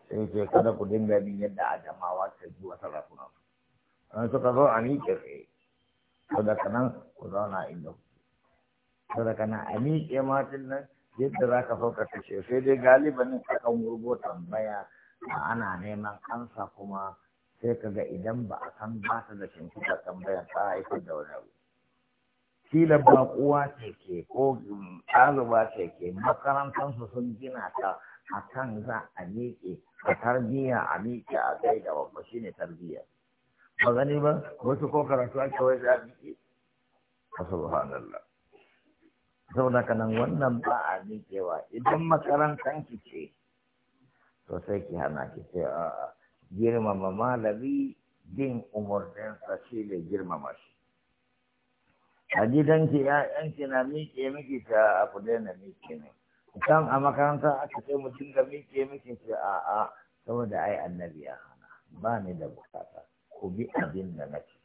sai ce kada ku dinga bin yadda a jama'a ta ji wata rafuna an suka zo a miƙe tsaye Daga kanan ku zauna inda ku a miƙe matin nan yadda za ka sauka kashe sai dai galibanin akan wurgo tambaya ana neman ansa kuma sai ka ga idan ba a san ba ta da shimfiɗa tambaya ta haifar da wani abu kila ba ce ke ko mm, ɗaliba ce ke makarantarsu sun gina ta a kan za a miƙe a tarbiyya a miƙe a kai da babba shine tarbiyya ba gani ba wasu ko karatu ake wai za a miƙe subhanallah saboda haka nan wannan ba a miƙewa idan makarantar ki ce to sai ki hana ki ce a girmama malami bin umarninsa shi ne girmama shi a gidanki ‘ya'yanki na miƙe miki ta abu da na miƙe ne kan a makaranta aka ce mu dinga miƙe miki ce a a saboda ai annabi ya hana ba ni da bukata ku bi abin da nake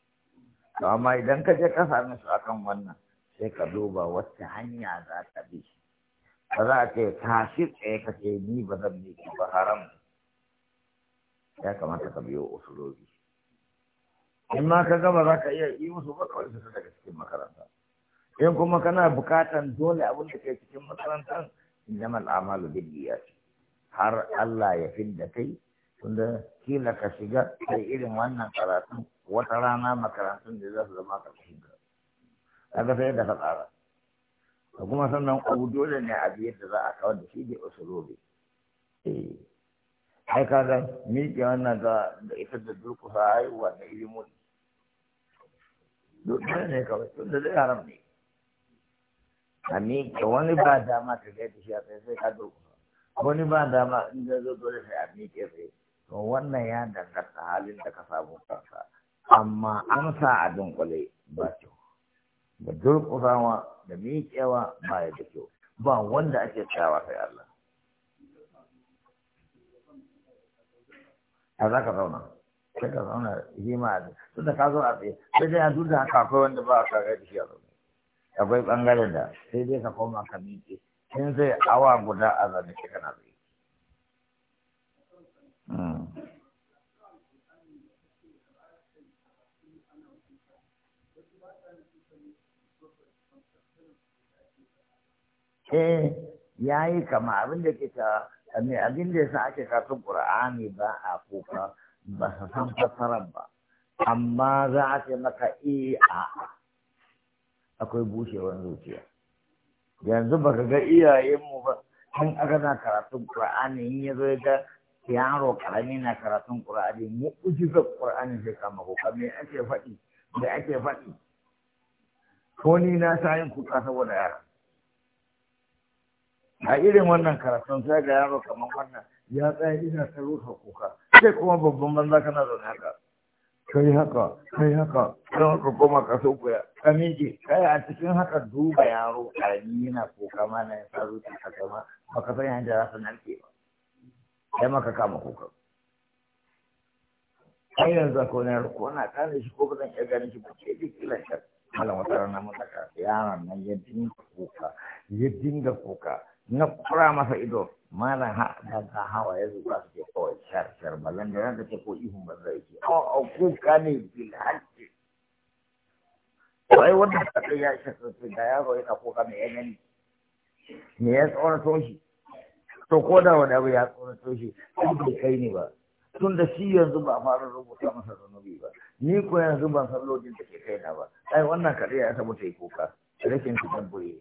to amma idan ka je ka same su akan wannan sai ka duba wacce hanya za ka bi ba za ka yi tashi tsaye ka ce ni ba zan bi ba haram ya kamata ka biyo usulobi in ma ka gama za ka iya yi musu ba kawai su daga cikin makaranta in kuma kana bukatan dole abin da ke cikin makarantar al'amalu amalu biyar. har Allah ya da kai tunda kila ka shiga kai irin wannan karatu wata rana makarantun da za su zama ka shiga kaga sai da ka tsara da kuma sannan ku dole ne a biyar da za a kawar da shi ne usulobi eh ai kaga miƙe wannan da da ita da durkusa haihuwa da ilimin dole ne kawai tunda zai haram ne a miƙe wani ba dama ka gaita shi a tsaye sai ka durkusa wani ba dama in zai zo dole sai a miƙe tsaye to wannan ya danganta halin da ka samu kansa amma amsa a dunkule ba kyau da durƙusawa da miƙewa ba ya da kyau ba wanda ake tsayawa sai Allah a za ka zauna sai ka zauna ma da su da ka zo a tsaye sai dai a duka haka akwai wanda ba a kaga da shi a zaune akwai bangaren da sai dai ka koma ka miƙe in zai awa guda a zaune shi kana tsaye Ah. eh ya yi kama abin da ke ta ne abin da yasa ake kasu qur'ani ba a kuka ba su san fasarar ba amma za a ce maka e eh, a akwai bushewar zuciya yanzu baka ga iyayenmu ba in aka na karatun qur'ani in ya zo ya ga yaro karami na karatun qur'ani mu kur'ani qur'ani zai kama ko me ake faɗi me ake faɗi ko ni na sa yin kuka saboda yara a irin wannan karatun sai ga yaro kamar wannan ya tsaya ina ta rusa kuka sai kuma babban banza kana zaune haka kai haka kai haka don ka koma ka so ku ka kamiji kai a cikin haka duba yaro karami yana kuka mana ya sa zuciya kama baka san yanda za ka narke ba kai maka kama kuka ai yanzu ko na ko na kana shi ko bazan iya ganin shi ba ke duk kila shi malam wata rana mun saka yaron nan ya dinga kuka ya dinga kuka na kura masa ido malam ha da ka hawa ya zuba su ke kawai shar shar ballan da ranka ce ko ihun ba zai ce o o kuka ne bil hajji to ai wannan kada ya shaka da yaro yana kuka mai yanayi me ya tsoron toshi to ko da wani abu ya tsorato shi an bai kai ni ba tun da shi yanzu ba a fara rubuta masa zunubi ba ni ko yanzu ban san lodin da ke kai na ba ai wannan kaɗai ya ta mutu kuka rashin cikin buri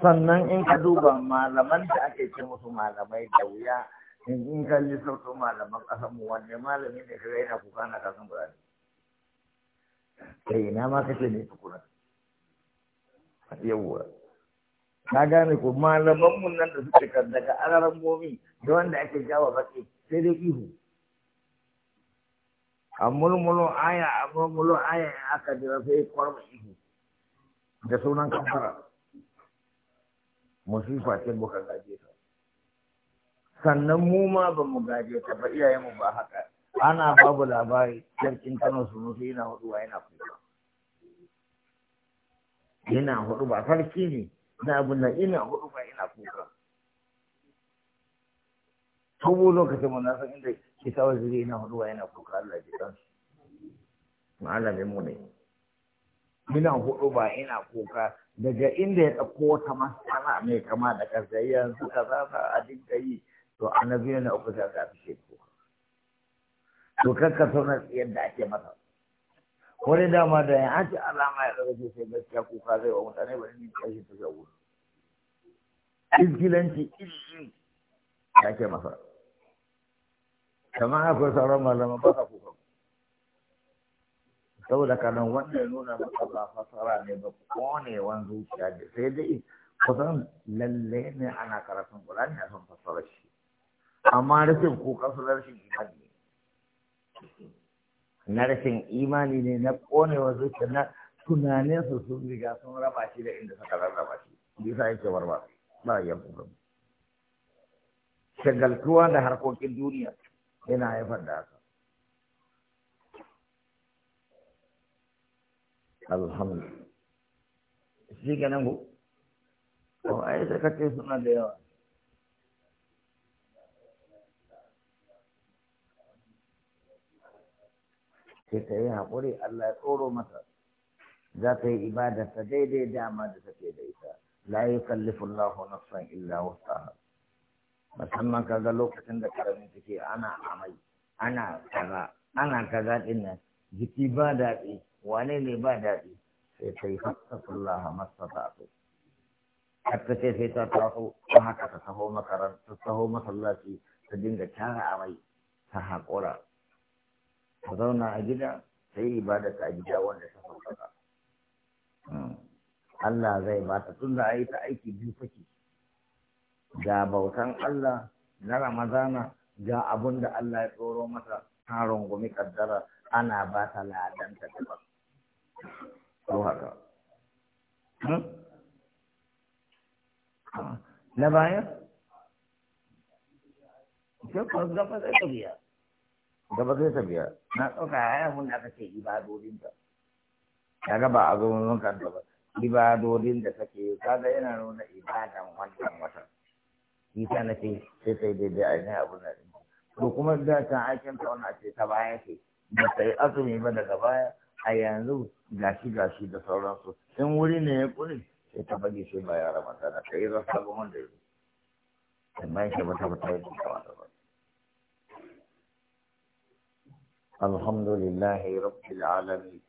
sannan in ka duba malaman da ake ce musu malamai da wuya in ka yi sautu malaman ƙasar mu wanne malami ne ka gaina kuka na kasan birane kai ina ma kace ne tukuna yawwa na gane ko malaman mun nan da suke kan daga araran gomi da wanda ake jawa baki sai dai ihu a mulmulo aya a mulmulo aya in aka jira sai kwarma ihu da sunan kamfara musifa ce muka gaje ta sannan mu ma ba mu gaje ta ba iyayenmu ba haka ana babu labari sarkin kano sunusi yana hudu yana kuka yana hudu ba sarki ne na abin nan ina hudu ba ina kuka tubu lokacin mu na san inda ke tawar zuri ina hudu ba ina kuka Allah ji su malamin mu ne ina hudu ba ina kuka daga inda ya ɗauko wata masana mai kama da ƙarfi suka ka za a dinga yi to annabi na uku za ka fi shekuka to kakka sauna yadda ake masa Wani dama da ya ce alama ya ɗauke sai gaskiya kuka zai wa mutane ba ni kashi ta ga wuri izgilanci iri ya ke masa Kama akwai sauran malama ba ka kuka saboda kanan ya nuna maka ba fasara ne ba kone konewan zuciya da sai dai kusan lalle ne ana karatun ne a san fasarar shi amma rashin kuka su rashin imani na rashin imani ne na konewa zuciya na tunaninsu sun riga sun raba shi da inda suka rarraba shi bisa yake warwa ba ya kuma shagaltuwa da harkokin duniya yana haifar da haka alhamdulillah shi nan ku ko ai sai ka ce suna da yawa sai ta yi haƙuri Allah ya tsoro masa. za ta yi ibada ta daidai dama da take da ita la yukallifu Allahu nafsan illa wusaha musamman kaga lokacin da karamin take ana amai ana kaza ana kaza din nan jiki ba daɗi wane ne ba daɗi sai ta yi fasakullaha masata'atu har ta ce sai ta taso, ta haka ta saho ta masallaci ta dinga kyara amai ta haƙura ka zauna a gida sai ibada ta gida wanda ta sauƙaƙa hmm. Allah zai ba ta tun da ta aiki biyu fake ga bautan Allah na Ramadana ga abun da Allah ya tsoro mata ta rungumi kaddara ana ba ta ladanta daban ko haka hmm? ah, na baya? Shekar gaba zai tafiya. gaba sai ta biya na ɗauka ya mun da aka ce ibadodin ta ya gaba a zo mun kan ba ibadodin da kake kaga yana nuna ibadan wannan watan ita na ce sai sai daidai a yin abin da to kuma da ta aikin ta a ce ta baya ce ba ta yi azumi ba daga baya a yanzu gashi gashi da sauransu in wuri ne ya kuri sai ta bage sai ba yara mata ta yi rasa ba wanda ya zo. Tambayin shi ba ta fita yadda kamata ba. الحمد لله رب العالمين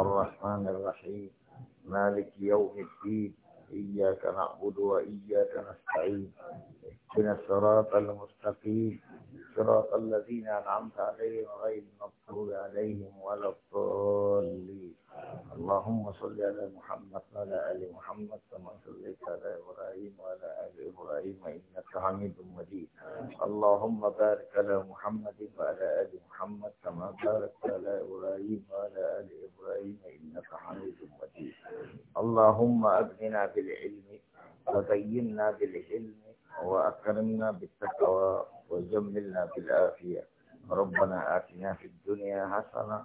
الرحمن الرحيم مالك يوم الدين إياك نعبد وإياك نستعين اهدنا الصراط المستقيم صراط الذين أنعمت عليهم غير المغضوب عليهم ولا الضالين اللهم صل على محمد وعلى آل محمد كما صليت على إبراهيم وعلى آل إبراهيم إنك حميد مجيد اللهم بارك على محمد وعلى آل محمد كما باركت على إبراهيم وعلى آل إبراهيم إنك حميد مجيد اللهم أغننا بالعلم وزيننا بالعلم وأكرمنا بالتقوى وجملنا بالعافية ربنا آتنا في الدنيا حسنة